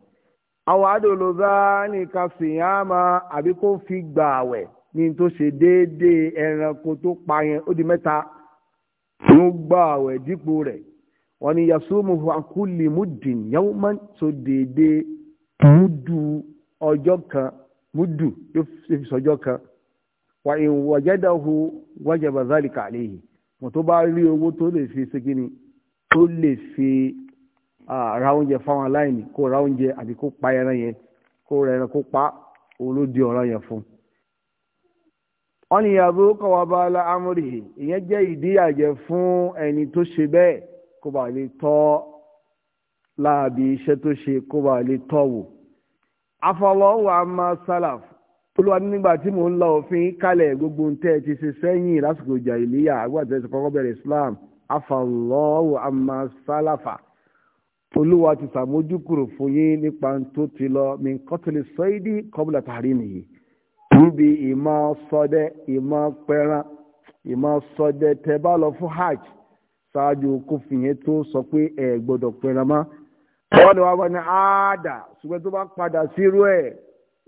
àwọn adòlóza ní kàfíyàmà àbí kó fi gbà àwẹ̀ ní tó ṣe déédéé ẹranko tó pa yẹn ó di mẹ́ta tó gbà àwẹ̀ dípò rẹ̀ wọ́n ní yasumuhu akuli yawman so déédéé mudu ọjọ́ kan mudu yóò fi sọjọ́ kan wà in wajadahu wajaba zalika alayhi mo tó bá rí owó tó lè fi ṣe kíni tó lè fi ra oúnjẹ fáwọn aláìní kó ra oúnjẹ àbí kó pa ẹran yẹn kó ra ẹran kó pa òun ló di ọ̀ràn yẹn fún. wọ́n ní ìyàbọ̀ kọ́wá bá la amúrì ìyẹn jẹ́ ìdíyàjẹ́ fún ẹni tó ṣe bẹ́ẹ̀ kó bàa lè tọ́ láàbí iṣẹ́ tó ṣe kó bàa lè tọ́ wò. afọlọ́wọ́ àmà sálàfù olúwa nígbà tí mò ń la òfin gbogbo ntẹ́ ti ṣe sẹ́yìn lásìkò jàhílíyà àgbàtẹ́ kọ́kọ́ bẹ̀rẹ̀ Islam afallahu amasalafa olúwa ti sàmójúkúrò fún yín nípa tó ti lọ min qatli níbi ìmọ̀ ìmọ̀ ìmọ̀ tẹ bá lọ hajj ṣáájú yẹn tó sọ pé ẹ gbọ́dọ̀ mọ́ wọ́n ni ní àádà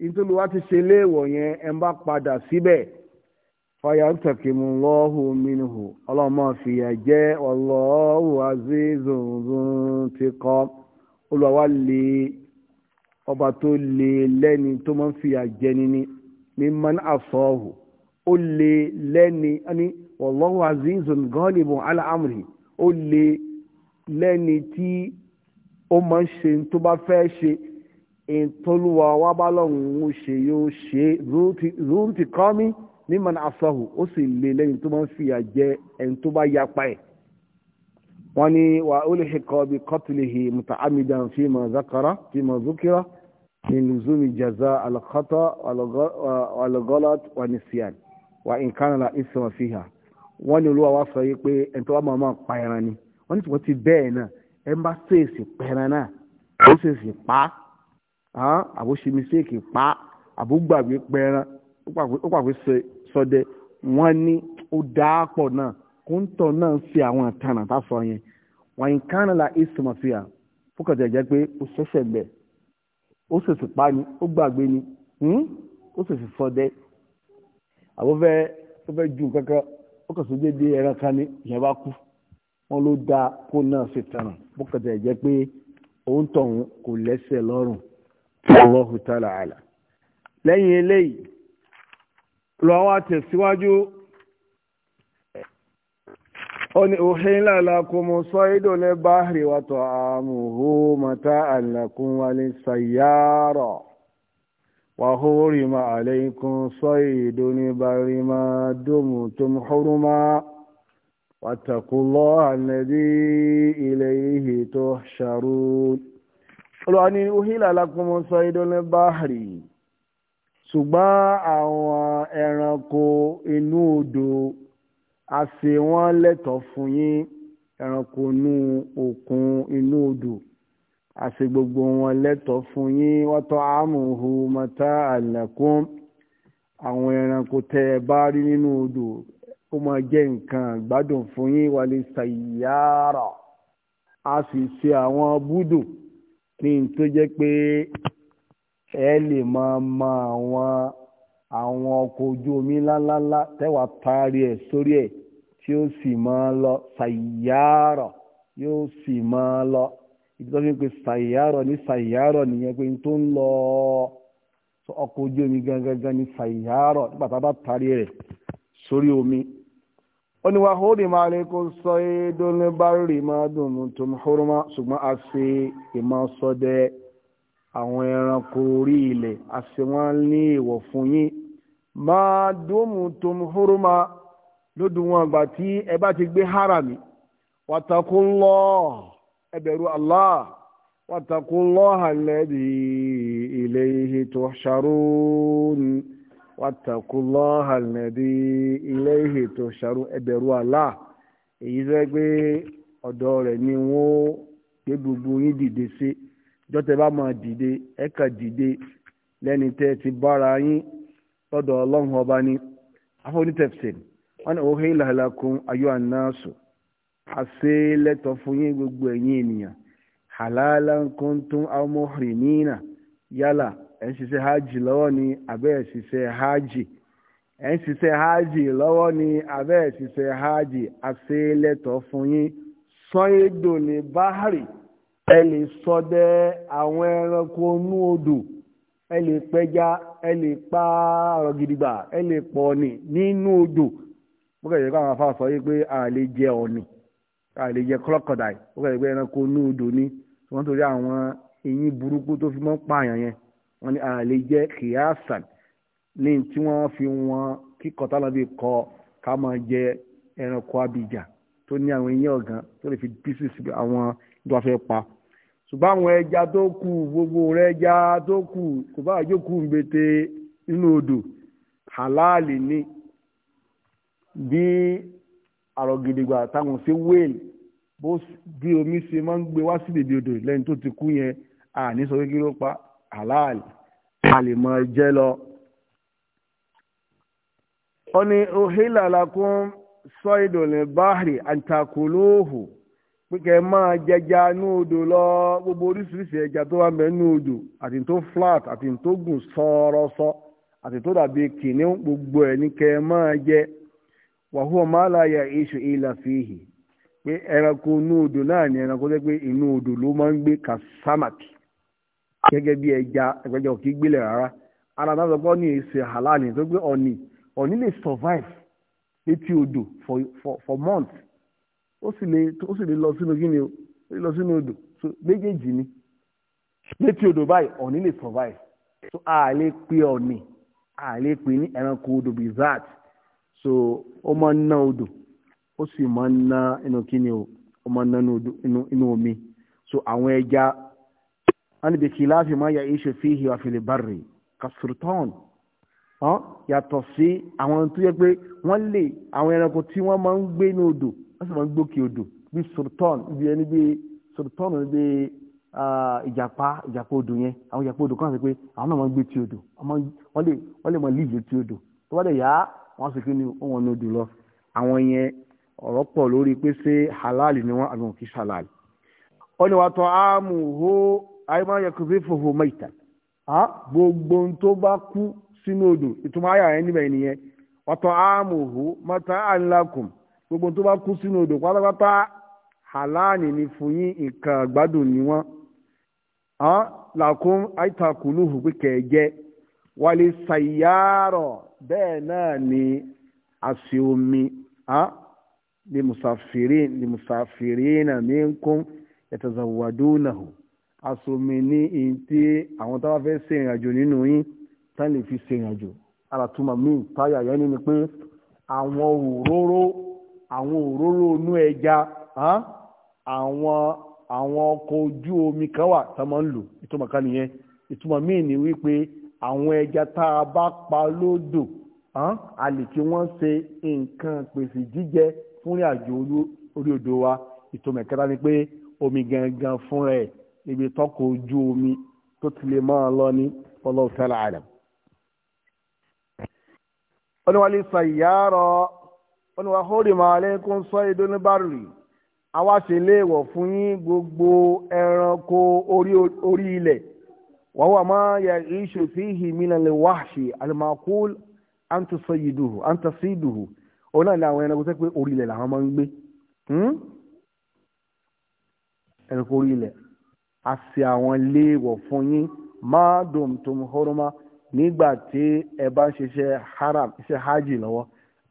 nítorí wá ti ṣe léèwọ̀ yẹn ẹ̀ ń bá padà síbẹ̀ fàyà ń tẹ̀kì mú lọ́hùn mínú ọlọ́mọ fìyà jẹ́ ọlọ́hùn azizun ti kọ́ olùwàwá lè ọba tó lè lẹ́ni tó máa ń fìyà jẹni ní ní man asọ́hù ó lè lẹ́ni ẹni ọlọ́hùn azizun gọ́ọ̀lìbùn aláàmùrì ó lè lẹ́ni tí ó máa ń ṣe tó bá fẹ́ ṣe ìtọ́lúwa wa bá lọ́hùn ún ṣe yóò ṣe rúùtì kọ́mí mímọ̀ asahu ó sì lè lẹ́yìn tó máa ń fìyà jẹ ẹni tó bá yapa ẹ̀. wọ́n ní wà ó lè ṣèkọ́ bí kọ́tùlìhì mùtà amidan fi mọ̀ zakara fi mọ̀ zukira nínú zumi jaza alakata alagọ́lat wà ní sian wà nkanala ìsọ̀rọ̀ fi hà. wọ́n ní olúwa wa sọ yìí pé ẹni tó bá máa máa pa ẹran ni wọ́n ní tí wọ́n ti bẹ́ẹ̀ náà ẹ àbó ṣe mistake pa àbó gbàgbé pẹran ó pàgbé sọdẹ wọn ní ó dáa pọ̀ náà kóńtọ̀ náà ń ṣe àwọn àtànà tá a sọ yẹn wọn kánà la ìsìnmọ̀ sí à fúkàtà ìjẹ́ pé ó ṣẹ̀ṣẹ̀ bẹ̀ ó ṣèṣì pa ni ó gbàgbé ni hmm? ó ṣèṣì sọdẹ àbó fẹ́ ó fẹ́ ju kankan ó kàn sí dédé ẹran kan ní ìyẹn bá kú wọn ló dáa kó náà ṣe tànà fúkàtà ìjẹ́ pé òun tọ̀hún kò lẹ́sẹ̀ lọ́rùn. Allahu ta'ala àlà lẹ́yìn eléyìí lọ wá tẹ̀síwájú ó ní òhìn lálàkùnmù sọ ìdòlẹ̀ bá ríwàtọ̀ àmùhù mata àlàkùn wà ní sàyárọ̀ wàhórí ma àlẹ́kùn sọ ìdòní bá rí ma dùmù tó mú hórúmá wàtàkùnlọ́ àlẹ́dí ilẹ̀ ìhì tó ṣàrùn olùwà ní ohìlà alákùnmọ́ sọ ìdọ́lẹ́ báàrì ṣùgbọ́n àwọn ẹranko inú odò a ṣe wọ́n lẹ́tọ̀ fún yín ẹranko inú òkun inú odò a ṣe gbogbo wọn lẹ́tọ̀ fún yín wọ́n tọ́ àmùhù mọ́tà àlẹ́kùn àwọn ẹranko tẹ́ ẹ bá rí nínú odò ó máa jẹ́ nǹkan ìgbádùn fún yín wálé ṣàyíyára a sì ṣe àwọn búdò ní n tó jẹ́ pé ẹ lè máa mọ àwọn àwọn ọkọ̀ ojú omi ńláńláńlá tẹ́wàá parí ẹ̀ sórí ẹ̀ tí ó sì máa lọ ṣàyàrọ̀ yóò sì máa lọ ìdí tó fi ń pe ṣàyàrọ̀ ní ṣàyàrọ̀ nìyẹn pé tó ń lọ ọkọ̀ ojú omi gangan ni ṣàyàrọ̀ nígbà tá a bá parí ẹ̀ sórí omi. ó ní wa hóòdì máa ní kó sọ é dóní ma rírì máa dùn tó ń hóró má ṣùgbọ́n a ṣe ìmọ̀ sọdẹ àwọn ẹranko a ṣe wọ́n ní ìwọ̀ fún yín ma dùn tó ń hóró má ti harami واتقوا الله الذي إليه تحشرون ẹbẹ̀rù Allah èyí fẹ́ gbé ọ̀dọ̀ rẹ̀ ni wọ́n gbé gbogbo yín dìde sí jọ́tẹ̀ bá máa dìde ẹ kà dìde lẹ́ni ti bára yín lọ́dọ̀ ọlọ́run ọba ni wọn gbogbo ẹ̀ ń ṣiṣẹ́ hajj lọ́wọ́ ni àbẹ́ ẹ̀ ṣiṣẹ́ hajj ẹ̀ ń ṣiṣẹ́ hajj lọ́wọ́ ni àbẹ́ ẹ̀ ṣiṣẹ́ hajj àṣelẹ́tọ̀ fún yín sọ́yédò ní báhárì ẹ lè sọdẹ àwọn ẹranko inú odò ẹ lè pẹja ẹ lè pa àrọ̀gìdìgbà ẹ lè pọ̀ ọ̀nì nínú odò bókè yẹ kó àwọn afá sọ yìí pé a lè jẹ ọ̀nì a lè jẹ crocodile bókè yẹ pé ẹranko inú odò ni wọ́n torí àwọn eyín burúkú tó fi mọ́ pààyàn yẹn wọn ni àlè jẹ́ kìyàsàn ní tí wọ́n fi wọn kíkọ́ táwọn bí kọ́ ká máa jẹ ẹranko abìjà tó ní àwọn eyín ọ̀gán tó lè fi pieces àwọn tó wọ́n fẹ́ pa ṣùgbọ́n àwọn ẹja tó kù gbogbo rẹ̀ ẹja tó kù kò bá àjókù ń nínú odò halali ni bí àrògidìgbà táwọn ṣe wéèlì bó bí omi ṣe máa ń gbé wá sí bèbè odò lẹ́yìn tó ti kú yẹn àní sọ pé kí pa á halal a lè mọ jẹ lọ. ó ní uhilla lakum saydul bahri antakuluhu pípẹ́ máa jẹja ní odò lọ gbogbo oríṣiríṣi ẹja tó wà ń ní odò àti tó flat àti tó gùn sọọrọsọ àti tó dàbí kìnìún gbogbo ẹ̀ ní kẹ́ ẹ máa jẹ wàhùn ọmọláyà iṣu ilà fìhì pé ẹranko inú odò náà ni ẹranko tó pé inú odò ló máa ń gbé kàsámàkì gẹ́gẹ́ bí ẹja ẹgbẹ́jọ kì í gbélé rárá ara náà sọpọ́ ní èsì halal tó gbé ọ̀nì ọ̀nì lè survive létí odò for for for ó sì lè ó sì lè lọ sínú kí ni o ó lè lọ sínú odò so méjèèjì ni létí odò báyìí ọ̀nì lè survive so a lè pe ọ̀nì a lè pe ní ẹranko odò so ó máa ń ná odò ó sì máa ń ná ni o ó máa ń omi so àwọn ẹja wọ́n níbi kìláàfì máa yà iṣu fíhì wà fìlè bárè kàṣùrùtọ́ọ̀n yàtọ̀ sí àwọn tó yẹ pé wọ́n lè àwọn ẹranko tí wọ́n máa ń gbé ní odò wọ́n sì máa ń gbókè odò bí sùrùtọ́ọ̀n ibi ẹni bí sùrùtọ́ọ̀n níbi ìjàpá ìjàpá odò yẹn àwọn ìjàpá odò kan sọ pé àwọn náà máa ń gbé ti odò wọ́n lè wọ́n lè máa líìlì ti odò tó bá dẹ̀ yá wọ́n sì kí ni wọ́n ní odò lọ àwọn yẹn ọ̀rọ̀ pọ̀ lórí pé ṣé halal ni wọ́n àbí wọn kì í ṣàlàyé. ó ní wàá tọ́ àmù hó àyèmá yakubi fòhò mẹ́ta a gbogbo tó bá kú sínú odò ìtumọ̀ ayà yẹn níbẹ̀ nìyẹn ọ̀tọ̀ àmùhù mọ́tà àńlákùm gbogbo tó bá kú sínú odò pátápátá halani ni fún yín nǹkan àgbádùn ni wọ́n a làkún àìtàkùnúhù pé kẹ̀ẹ́jẹ́ wàlẹ̀ sàyàrọ̀ bẹ́ẹ̀ náà ni àṣì omi a ni musafirin ni musafirin na minkum yatazawadunahu asomi ní ihun tí àwọn tó bá fẹ́ ṣe ìrìnàjò nínú yín tán lè fi ṣe ìrìnàjò alatuma míì táyà yẹn ni ni pé àwọn òróró àwọn òróró inú ẹja àwọn àwọn ọkọ̀ ojú omi kan wà tá máa ń lò ìtumọ̀ kan nìyẹn ìtumọ̀ míì ni wípé àwọn ẹja tá a bá pa lódò a lè kí wọ́n ṣe nǹkan pèsè jíjẹ fún ìrìnàjò orí odò wa ìtumọ̀ kẹta ni pé omi gangan fúnra ẹ̀ ibi tọ́kọ̀ ojú omi tó ti lè máa lọ ní ọlọ́ọ̀tẹ́lá àdàm. sọ àwa ṣe fún yín gbogbo ẹranko orí ilẹ̀ wọ́n wà máa yẹ ìṣù sí antasiduhu náà àwọn ẹranko orí ilẹ̀ làwọn a ṣe àwọn léèwọ̀ fún yín má dùn tó ń hóró nígbà tí ẹ bá ṣiṣẹ́ haram iṣẹ́ hajj lọ́wọ́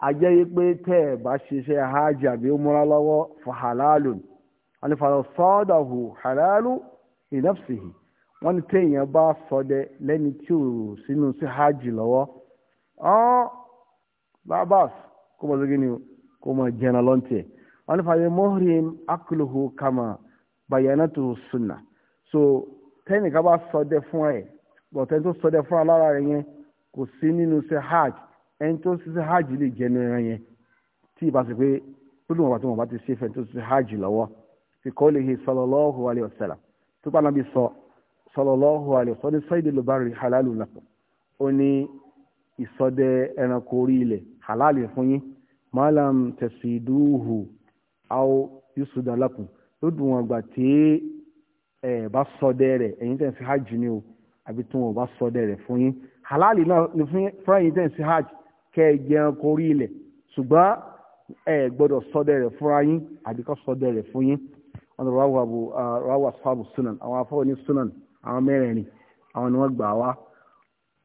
ajẹ́ yí pé tẹ́ ẹ bá ṣiṣẹ́ hajj àbí umra lọ́wọ́ fún halalu wọn ni fàlọ́ sọ́dọ̀hù halalu ìnáfsìhì wọn ni téèyàn bá sọdẹ lẹ́ni tí ò sínú sí hajj lọ́wọ́ ọ́n babas kó mọ̀ sígi ni kó mọ̀ jẹ́nà lọ́ntì wọn ni fàlọ́ kama bayanatu sunnah so tẹ́nìkan bá sọdẹ fún ẹ bọ̀tẹ́ tó sọdẹ fún alára rẹ yẹn kò sí nínú ṣe hajj ẹni tó ṣiṣẹ́ hajj lè jẹnu ẹran yẹn tí ìbá ṣe pé lórí wọn bá tí wọn bá ti ṣe fẹ́ tó ṣe hajj lọ́wọ́ fi qawlihi sallallahu alayhi wa sallam tó bá nàbí sọ sallallahu alayhi wa sallam sọ́yìn ló bá rí halalu lakum ó ní ìsọdẹ ẹranko orí ilẹ̀ halali fún yín malam tẹ̀sídúhù aw yusuda lakum lódùn wọn gbà tí ẹ bá sọdẹ rẹ ẹ̀yin tẹ̀ ń ṣe hajj ni o àbí tí wọn ò bá sọdẹ rẹ fún yín halali náà ni fún ẹ̀yin tẹ̀ ń ṣe hajj kẹ́ ẹ jẹun korí ilẹ̀ ṣùgbọ́n ẹ gbọ́dọ̀ sọdẹ rẹ fúnra yín àbí kọ́ sọdẹ rẹ fún yín wọn lọ ráwà bò ráwà sábò sunan àwọn afọwọ́ ní sunan àwọn mẹ́rẹ̀ẹ̀rin àwọn ni wọ́n gbà wá.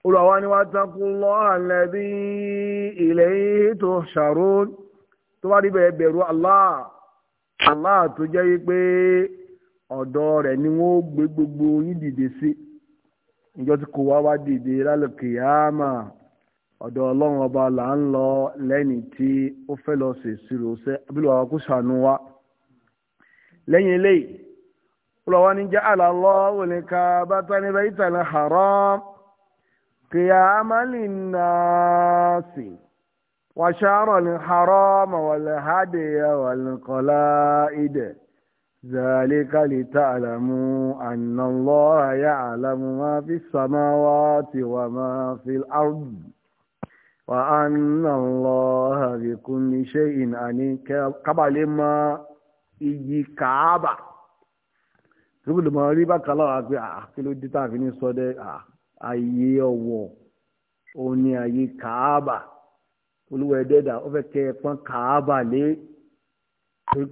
olùwàwá ni wàá takú lọ́ àlẹ́bí ilẹ̀ yìí tó ṣàrò tó bá ọ̀dọ́ rẹ̀ ni wọ́n gbé gbogbo yín dìde sí ìjọ tí kò wá wá dìde lálùkì yáàmà ọ̀dọ̀ ọlọ́run ọba là ń lọ lẹ́ni tí ó fẹ́ lọ sí ìṣirò ṣẹ́ abúlé wa kó ṣàánú wa. lẹ́yìn eléyìí wọ́n wá ní jẹ́ àlàlọ́ òní ká bá tani bá yìí tani hàrọ́ kìyà amáli náà sì wàṣà rọ̀ ní hàrọ́ mọ̀wálẹ̀ hádìyà wàlẹ̀ kọ́lá ìdẹ̀. ذلك لتعلموا أن الله يعلم ما في السماوات وما في الأرض وأن الله بكل شيء عليم قبل ما igi kàábà tóbi mọ rí bákan lára pé kí ló dé tàbí ní sọdẹ ayé ọ̀wọ̀ ó ní ayé kàábà olúwa ẹdẹdà ó fẹ́ kẹ́ ẹ pọ́n kàábà lé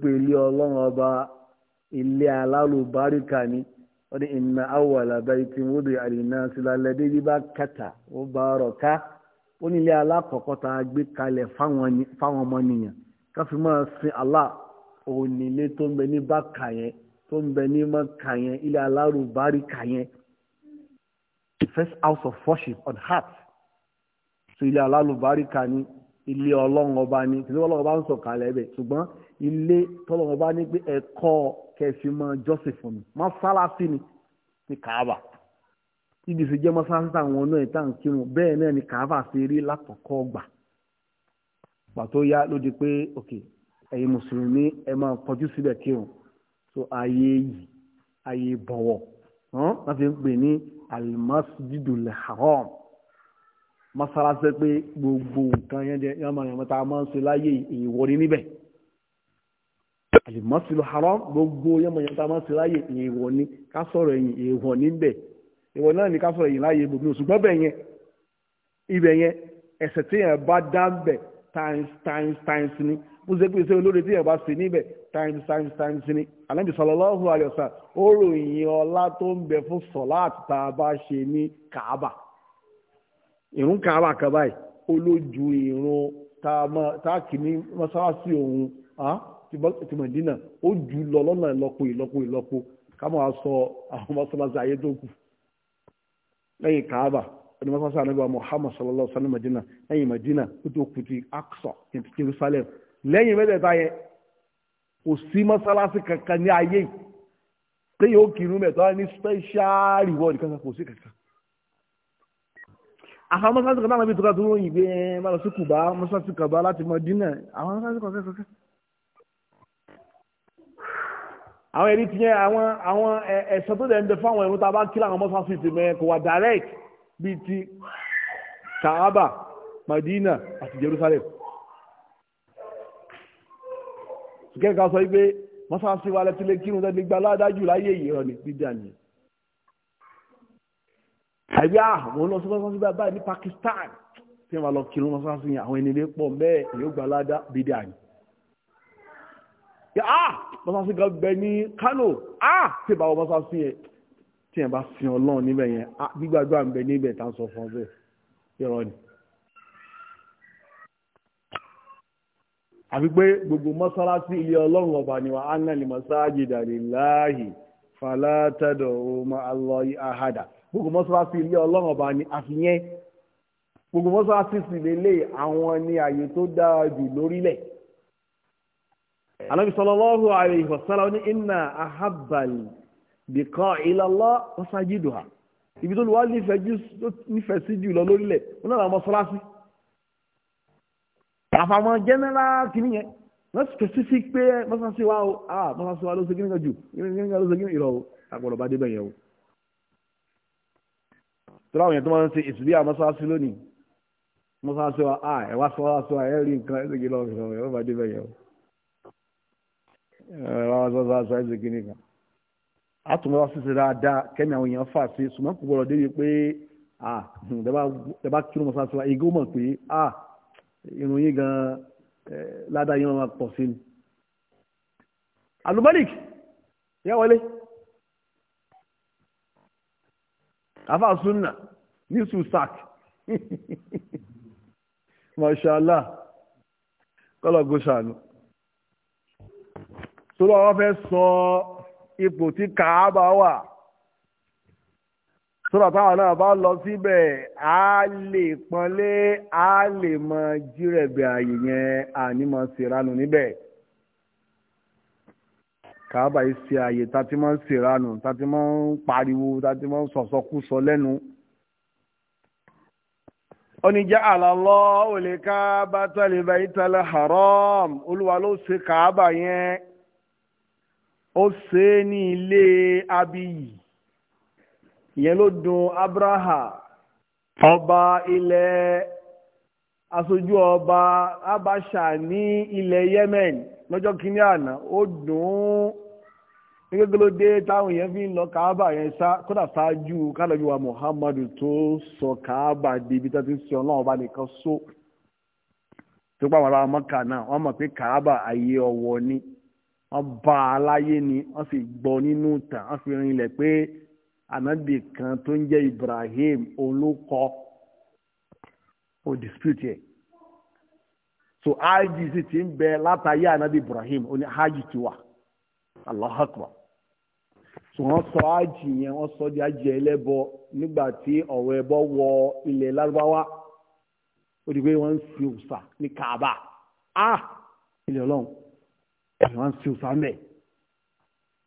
pé ilé Ọlọ́run ọba ilé alálùbáríkà ni wọ́n ní inna awwala baytin wudi'a linnasi lalladhi bibakkata mubarakan ó ní ilé alákọ̀ọ́kọ́ tá a gbé kalẹ̀ fáwọn ọmọnìyàn ká fi máa sin Allah òun tó ń bẹ ní bákà yẹn tó ń bẹ ní yẹn ilé yẹn the first house of worship on so ilé ni ilé ọlọ́run ọba ni kìí ọlọ́run ọba ń ṣùgbọ́n ilé tọ́lọ́mọ bá ní pé ẹ̀kọ́ kẹfìmọ̀ jọ́sìn fún mi ni ní kàába ibi ìṣèjẹ́ mọ́sálásí táwọn náà ìta ń kírun náà ni kàába ṣe rí látọ̀kọ́ ọgbà pàtó yá ló di pé ok ẹ̀yin mùsùlùmí ẹ máa kọjú síbẹ̀ kírun so ààyè yìí ààyè bọ̀wọ̀ wọ́n fi ń pè ní almasjidul haram mọ́sálásí pé gbogbo nǹkan yẹn jẹ́ yàmàyàmọ́ta máa ń ṣe láyé ìwọ́ni níbẹ̀ àlìmọ́sílù haram gbogbo yẹmọ̀yẹta máa ń ṣe láàyè èèwọ̀ ni ká sọ̀rọ̀ ẹ̀yìn èèwọ̀ níbẹ̀ èèwọ̀ náà ni ká sọ̀rọ̀ ẹ̀yìn láàyè gbogbo ṣùgbọ́n bẹ̀ yẹn ibẹ̀ yẹn ẹ̀ṣẹ̀ tí yẹn bá dá bẹ̀ times times times ni bó ṣe pé ṣé olóore tí yẹn bá ṣe níbẹ̀ times times times ni alábi sallallahu alaihi wasallam ó ròyìn ọlá tó ń bẹ fún sọ̀láàtì tá a bá ṣe ní kàábà ìrún kàábà kan báyìí olójú ìrún a ti Mẹdínà ó jù lọ lọ́nà ìlọ́po ìlọ́po ìlọ́po ká máa sọ àwọn mọ́sálásí ayé tó kù lẹ́yìn Kaaba ẹni mọ́sálásí anábíwá Muhammad sallallahu alaihi wasallam Mẹdínà lẹ́yìn Mẹdínà ó tó kù ti Aqsa ti Jerusalem lẹ́yìn mẹ́tẹ̀ẹ̀ta yẹn kò sí mọ́sálásí kankan ní ayé yìí téyìn ó mẹ́tọ́ ní special reward kankan kò sí kankan àwọn mọ́sálásí kan náà bí tó ká tó ròyìn gbé má lọ sí Kùbá mọ́sálásí Kùbá láti Mẹdínà àwọn mọ́sálásí kankan kankan àwọn ẹ̀rí ti yẹn àwọn àwọn ẹ̀sán tó dẹ̀ ń bẹ fáwọn ẹ̀rú tá a bá kí làwọn mọ́sáàsì ti mẹ́ kò wà direct bíi ti Kaaba Madina àti Jerusalem gẹ́gẹ́ ká sọ wípé mọ́sáàsì wa lẹ́tí lé kírun tẹ́lẹ̀ gba aládájú láyé ìrọ̀ ní dídá ni. àbí àwọn lọ sí mọ́sáàsì báyìí ní Pakistan tí wọ́n lọ kírun mọ́sáàsì yẹn àwọn ènìyàn pọ̀ mẹ́ẹ̀ yóò gba aládá dídá ni ah mọ́sáàsì kan bẹ ní Kánò ah tí ìbáwọ̀ mọ́sáàsì yẹn tí yẹn bá fi ọlọ́run níbẹ̀ yẹn ah, gbígbàgbà ń bẹ níbẹ̀ tá a sọ fún ọ bẹ́ẹ̀ irọ́ ni. àfi pé gbogbo mọ́sálásí ilé ọlọ́run ọba ni wa anna li masajida lillahi fala tad'u ma'a Allahi ahada gbogbo mọ́sálásí ilé ọlọ́run ọba ni àfihàn gbogbo mọ́sálásí sì lélẹ̀ àwọn ni àyè tó dáa jù lórílẹ̀ anábì sallallahu alayhi wa sallam ní inna ahabbal biqa ila Allah masajiduha ibi tó lù wá nífẹ̀ẹ́ sí jù lọ lórílẹ̀ wọn náà làwọn mọ́sálásí àfàmọ́ general kìíní yẹn not specific pé mọ́sálásí wa o ah mọ́sálásí wa ló ṣe kíní kan jù kíní kan ló ṣe kíní ìrọ̀ o àgbọ̀dọ̀ bá débẹ̀ yẹn o. tọ́lá àwọn yẹn tó máa ń ṣe ìsìlí àmọ́sálásí lónìí mọ́sálásí wa ẹ̀ wá sọ́wọ́ sọ́wọ́ ẹ̀ rí nǹkan ẹ̀ ṣègbè lọ́wọ́ ìrọ̀ ẹ̀ bá débẹ̀ yẹn o ẹ̀rọ ọ̀sọ̀ọ̀sọ̀ àṣà ẹ̀sẹ̀ kìíní kan àtúmọ̀lá ṣíṣe dáadáa kẹ́mi àwọn èèyàn fà sí ṣùgbọ́n kò gbọ́dọ̀ débi pé dẹ́bà kírun mọ́sáàsì wa igó mọ̀ pé irun yín gan ládàá yín máa pọ̀ sí ni. alubalik yá wọlé afa sunna nisu sack masha allah kọlọ gbóṣàánú sọlọ wọn fẹ́ sọ ipò tí kàába wà sọlọ táwọn náà bá lọ síbẹ̀ á lè pọ́nlé á lè mọ jírẹ̀gbẹ̀ ààyè yẹn ànímọ̀ ṣèrànù níbẹ̀ kàába yìí ṣe ààyè tàti máa ń ṣèrànù tàti máa pariwo tàti máa ń sọ̀sọ́kúsọ lẹ́nu oníjà àlàlọ́ òlè ká bá tẹ̀lé haram olúwa kàába yẹn. ó ṣe é ní ilé abiyi ìyẹn ló dùn abraha ọba ilẹ̀ aṣojú ọba abasha ní ilẹ̀ yemen lọ́jọ́ kínní àná ó dùn ún nígbàgbọ́lódé táwọn èèyàn fi ń lọ kàábà yẹn sá kódà ṣáájú kálọ̀bí wa muhammadu tó sọ kaaba di ibi tó ti ń sọ náà ọba nìkan só tó pàwọn ará mọ́kà náà wọ́n mọ̀ pé ayé ọwọ́ ni. ọ bá a ni wọ́n fi gbọ́ nínú ìtàn wọ́n fi rinlẹ̀ pé ànábì kan tó ń jẹ́ Ibrahim òun ó dispute yẹ so hajj sì ti ń bẹ látàyé ànábì Ibrahim ó ní hajj ti wà Allah so wọ́n sọ hajj yẹn wọ́n sọ di hajj ẹlẹ́bọ nígbà tí ọ̀rọ̀ wọ ilẹ̀ lárúbáwá ó di pé wọ́n ń ah! ẹ̀sìn wọn sì sáńbẹ̀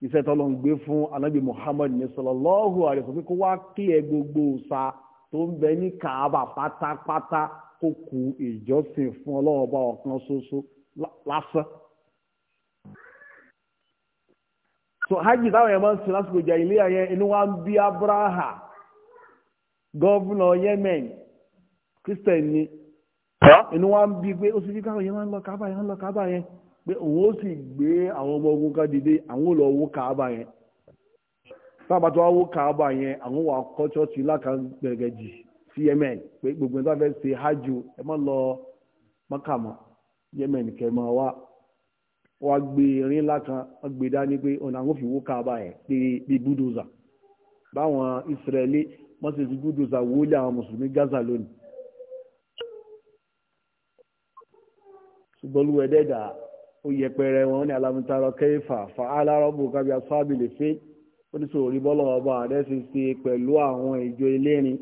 iṣẹ́ tọ́lọ́ ń gbé fún anábì Muhammad ní sallallahu alaihi wasallam pé kó wá kí ẹ gbogbo òòṣà tó ń bẹ ní Kaaba pátápátá kó ku ìjọsìn fún ọlọ́wọ́ bá ọ̀kan ṣoṣo lásán. so hajj táwọn yẹn máa ń sin lásìkò ìjà ilé yẹn inú wa ń bí abraha gọ́vùnà yemen christian ni inú wa ń bí pé ó sì fi káwọn yẹn máa ń lọ kábà yẹn ń lọ kábà pé òun ó sì gbé àwọn ọmọ ogun kan dìde àwọn ò lọ wó kàába yẹn sábà tó wá wó kàába yẹn àwọn wà kọ́ ṣọ́ọ̀ṣì lákàgbẹ̀gẹ̀jì sí yemen pé gbogbo nígbà fẹ́ ṣe hajj ẹ má lọ mọ́kàmọ́ yemen kẹ́ máa wá wá gbé irin ńlá kan wọ́n gbé dání pé ọ̀nà àwọn òfin wó kàába yẹn bíi búdòzà báwọn israẹli wọ́n sì ti búdòzà wọlé àwọn mùsùlùmí gaza lónìí ṣùgbọ́n olúwẹ̀dẹ́dàá ó yẹpẹrẹ wọn ní alamutaro kẹfà fa alárọ́bù kábí asábìlì fi oníṣòrí bọ́lọ̀ ọba àdẹ́sí ṣe pẹ̀lú àwọn ìjọ ilérin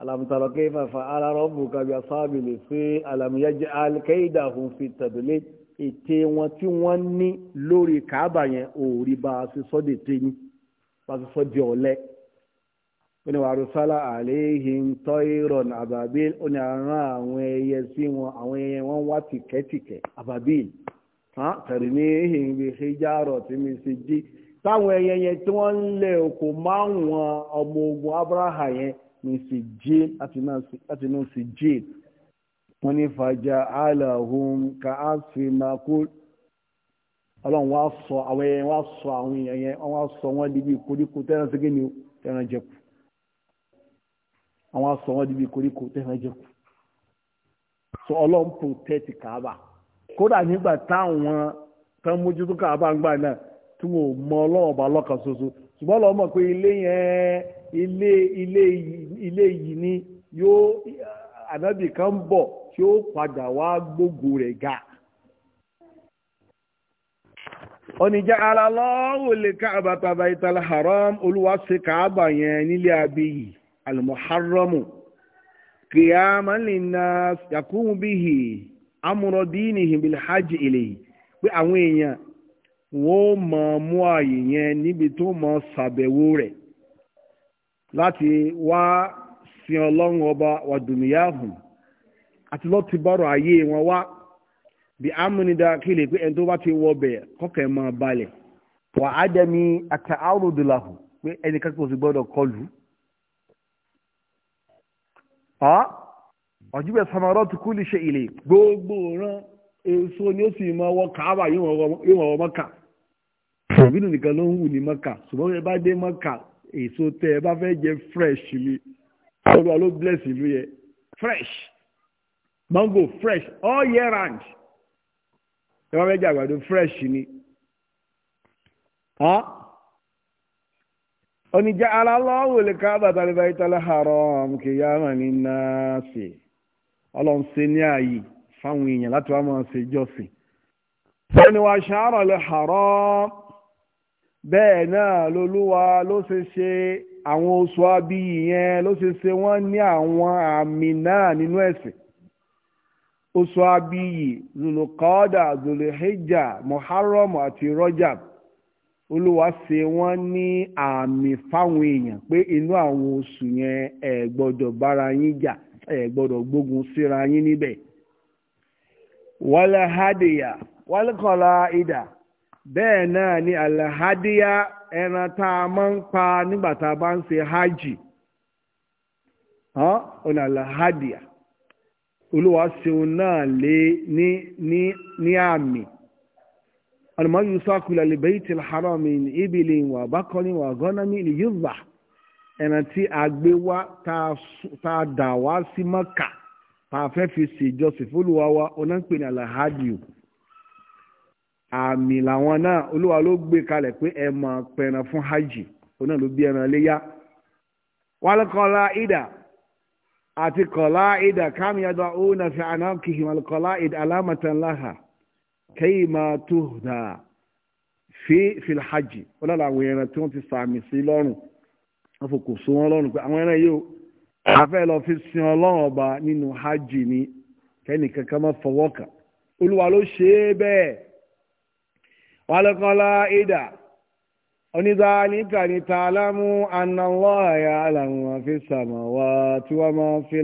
alamutaro kẹfà fa alárọ́bù kábí asábìlì fi alamuyẹjẹ alkaida hun fi tẹ̀bílẹ̀ ète wọn tí wọ́n ní lórí kàábà yẹn òòrí bá a ṣe sọ́dẹ̀ tẹ́yìn bá a ṣe sọ́dẹ̀ ọ̀lẹ́ wọ́n wà rúsálà àléhìn tọ́ìrọ̀n àbàbíl ó ní àrán àwọn ẹyẹ sí wọn àwọn ẹyẹ wọn wá tìkẹ́tìkẹ́ àbàbíl tẹ̀rìmíhìn bíi hijaro tí mi sì jí táwọn ẹyẹ yẹn tí wọ́n ń lé oko máwọn ọmọ ogun abraha yẹn mi sì jí láti náà sì jí wọ́n ní fàjà aláhùn ká á fi máa kú ọlọ́run wá sọ àwọn ẹyẹ sọ àwọn yẹn wá sọ di bíi koríko sí kíni àwọn sọ di bíi koríko so Kaaba. kódà nígbà táwọn tán mójútó káàbá ń gbà náà tí wọn ò mọ lọ́kàn ṣoṣo ṣùgbọ́n mọ̀ pé ilé yẹn ilé ilé ilé yìí ni yóò ànábì kan ń bọ̀ tí ó padà wá gbógo rẹ̀ ga. oníjà alálọ́wò lè káàbà tàbá haram olúwa ṣe káàbà yẹn amụrụ dịịnị ha ji eleyi kpe anwụ ya nya nwụọ ma mụọ anyị ya anyị bi tụrụ ma ụfọdụ wụọ rịa lati waa sịn ọ lọwụnkọ gbọ ati ahụ atụlọ tiboro ayee nwa wa bi amụrụ dị arọ kelee kpe ndụwọ tighe wụọ bee kọk ịma abalị waa ada mi ata ọlụ dịla hụ kpe anyị ka gbọdọ kọlụ ọ. ọ̀júbẹ̀ samarọ́tù kúlì ṣe ilé gbogbo ran èso ni ó sì mọ ọwọ́ káàbà yóò wọ mọ́kà òbínú hmm. nìkan ló ń wù ní mọ́kà ṣùgbọ́n ẹ bá dé mọ́kà èso tẹ ẹ bá fẹ́ jẹ fresh mi olúwa ló bless ìlú yẹ fresh mango fresh all year round ẹ bá fẹ́ jẹ àgbàdo fresh ni oníjà alálọ́wò lè ká bàtàlẹ́bàá ìtàlẹ́ haram kìyàmà ní ọlọ́run ṣe ní ààyè fáwọn èèyàn láti wá máa ṣe jọ́sìn. ẹni wa ṣàárọ̀ lè haram bẹ́ẹ̀ náà lolúwa ló ṣe ṣe àwọn oṣù abiyì yẹn ló ṣe ṣe wọ́n ní àwọn àmì náà nínú ẹ̀sìn oṣù abiyì zulukọ́dà zulihijja muharram àti rojab olúwa ṣe wọ́n ní àmì fáwọn èèyàn pé inú àwọn oṣù yẹn ẹ̀ gbọ́dọ̀ bára yín jà ẹ gbọ́dọ̀ gbógun síra yín níbẹ̀ wàlàhádìyà wàlùkọ̀lá ìdà bẹ́ẹ̀ ni àlàhádìyà ẹran tá a máa ń pa nígbà bá ń ṣe hajj ọ̀nà àlàhádìyà olúwa ṣeun náà lé ní ní ní àmì ọ̀nà mọ́ yusuf lè bẹ́ẹ̀ ibi lè wà bákan ní ẹran tí a gbé wá tá a dà wá sí mọ́kà tá a fẹ́ fi ṣèjọsìn fólúwa wa onáńpẹ̀ ní alahadiu àmì làwọn náà olúwa ló gbé kalẹ̀ pé ẹ máa pẹran fún hajj onáà ló bí ẹran léyà wàlúkọlá ìdà àti kọlá ìdà kámi yàtọ̀ òun náà fi àná kìhì wàlúkọlá ìdà alámàtàn láhà máa tó dà fi fìlhajj ọlọ́lá àwọn ẹran tí wọ́n ti sàmì sí lọ́rùn. wọ́n fò kò so wọn lọ́rùn pé àwọn ẹran yìí ó afẹ́ ọba nínú hajj ni kẹ́ni kankan má fọwọ́ kàn olúwa ló ṣe é bẹ́ẹ̀ lọ́kàn fi tí wọ́n máa fi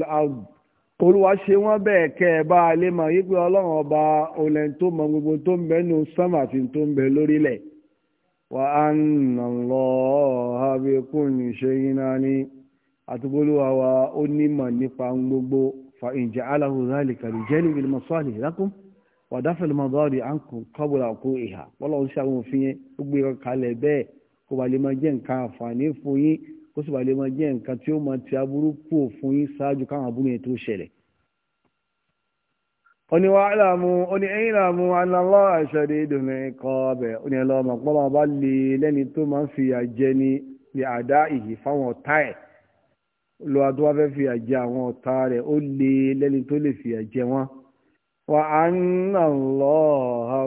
olúwa ṣe wọ́n bẹ́ẹ̀ kẹ́ ẹ bá a lè mọ̀ yí ọlọ́run ọba olè tó mọ gbogbo tó ń nù sánmà àti tó ń وأن الله بكل شيء عليم àtúgbólúwa wa ó nímọ̀ nípa gbogbo fa ìjà aláhùzálì kàrìjẹ́lì ìlmọ̀sọ́lì lákùn wàdáfẹ́lì mọ̀gọ́rì àǹkù kọ́bùrà kó ìhà wọ́n lọ́wọ́ sí àwọn òfin yẹn ó gbé kalẹ̀ bẹ́ẹ̀ kó ba lè jẹ́ nǹkan àǹfààní fún yín kó sì ba oni wa alamu oni ilamu anallah ashadidun iqab oni lo mo po lo ba le lẹ́ni tó ma fi aje ni bi ada ihi fáwọn lo adu fi aje àwọn ọ̀tá rẹ̀ ó le lẹ́ni tó lè fi aje wa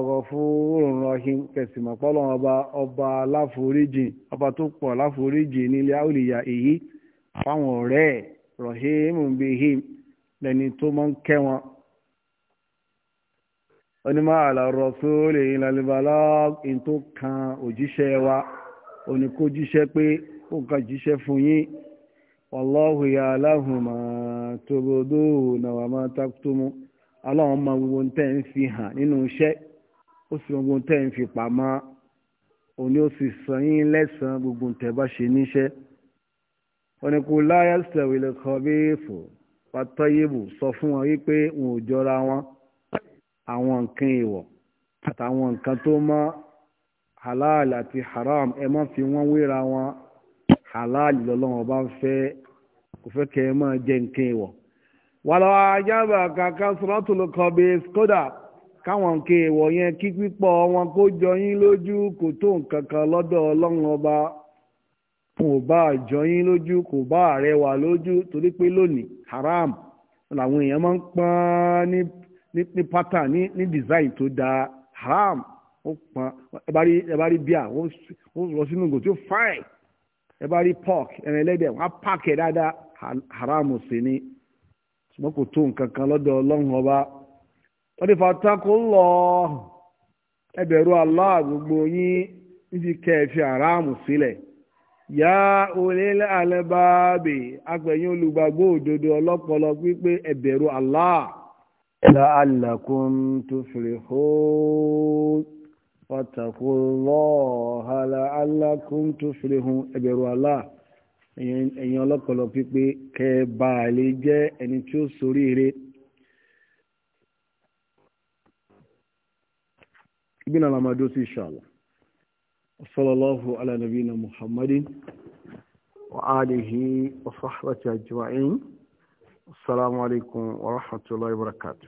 ghafurur rahim kesi ọba ọba ni le auliya bihim tó ma ń onímọ̀ àlàrọ̀ sóòlè ìlàlìbàlá in tó kan òjíṣẹ́ wa oníkó jíṣẹ́ pé ó kan jíṣẹ́ fún yín wallahu ya'lamu ma tubduna wa ma taktumu ọlọ́run mọ gbogbo tẹ́ ń fi hàn nínú iṣẹ́ ó sì gbogbo tẹ́ ń fi pamọ́ òní ó sì san yín lẹ́san gbogbo tẹ́ bá ṣe níṣẹ́ oníkó la yastawil khabithu wat tayyibu sọ fún wọn wípé wọn ò jọra wọn. àwọn nǹkan èèwọ̀ àtàwọn nǹkan tó mọ́ halal àti haram ẹ má fi wọ́n wéra wọn halal lọ́lọ́wọ́n bá ń fẹ́ kò fẹ́ kẹ́ ẹ máa jẹ nǹkan èèwọ̀ wàlọ́ ajábà kàkà sọ́rọ́tù kọ̀bí skoda káwọn nǹkan èèwọ̀ yẹn kí pípọ̀ wọn kó jọ yín lójú kò tó nǹkan kan lọ́dọ̀ ọlọ́run ọba kò bá jọ yín lójú kò bá àrẹwà lójú torí pé lónìí haram làwọn èèyàn máa ń pọ́n ní ní pattern ní ní design tó dáa haram ó pọn ẹ bá rí ẹ bá rí bíà ó lọ sínú ìgò tí ó fine ẹ pork ẹran wọn á pààkì haram sí ni ṣùgbọ́n kò tó nǹkan kan lọ́dọ̀ ọlọ́run ọba wọ́n ti fàtàkó lọ ẹ gbogbo yín níbi kẹfì haram pípé لعلكم تفلحون واتقوا الله لعلكم تفلحون ẹbẹ̀rù Allah ẹ̀yin ọlọ́pọ̀lọ́ pípé kẹ́ bá a lè jẹ́ ẹni tí ó ṣoríire. ibi náà lamadu sí inshallah sallallahu ala nabiyina muhammadin wa alihi wa sahbihi assalamu alaikum wa rahmatullahi wa barakatuh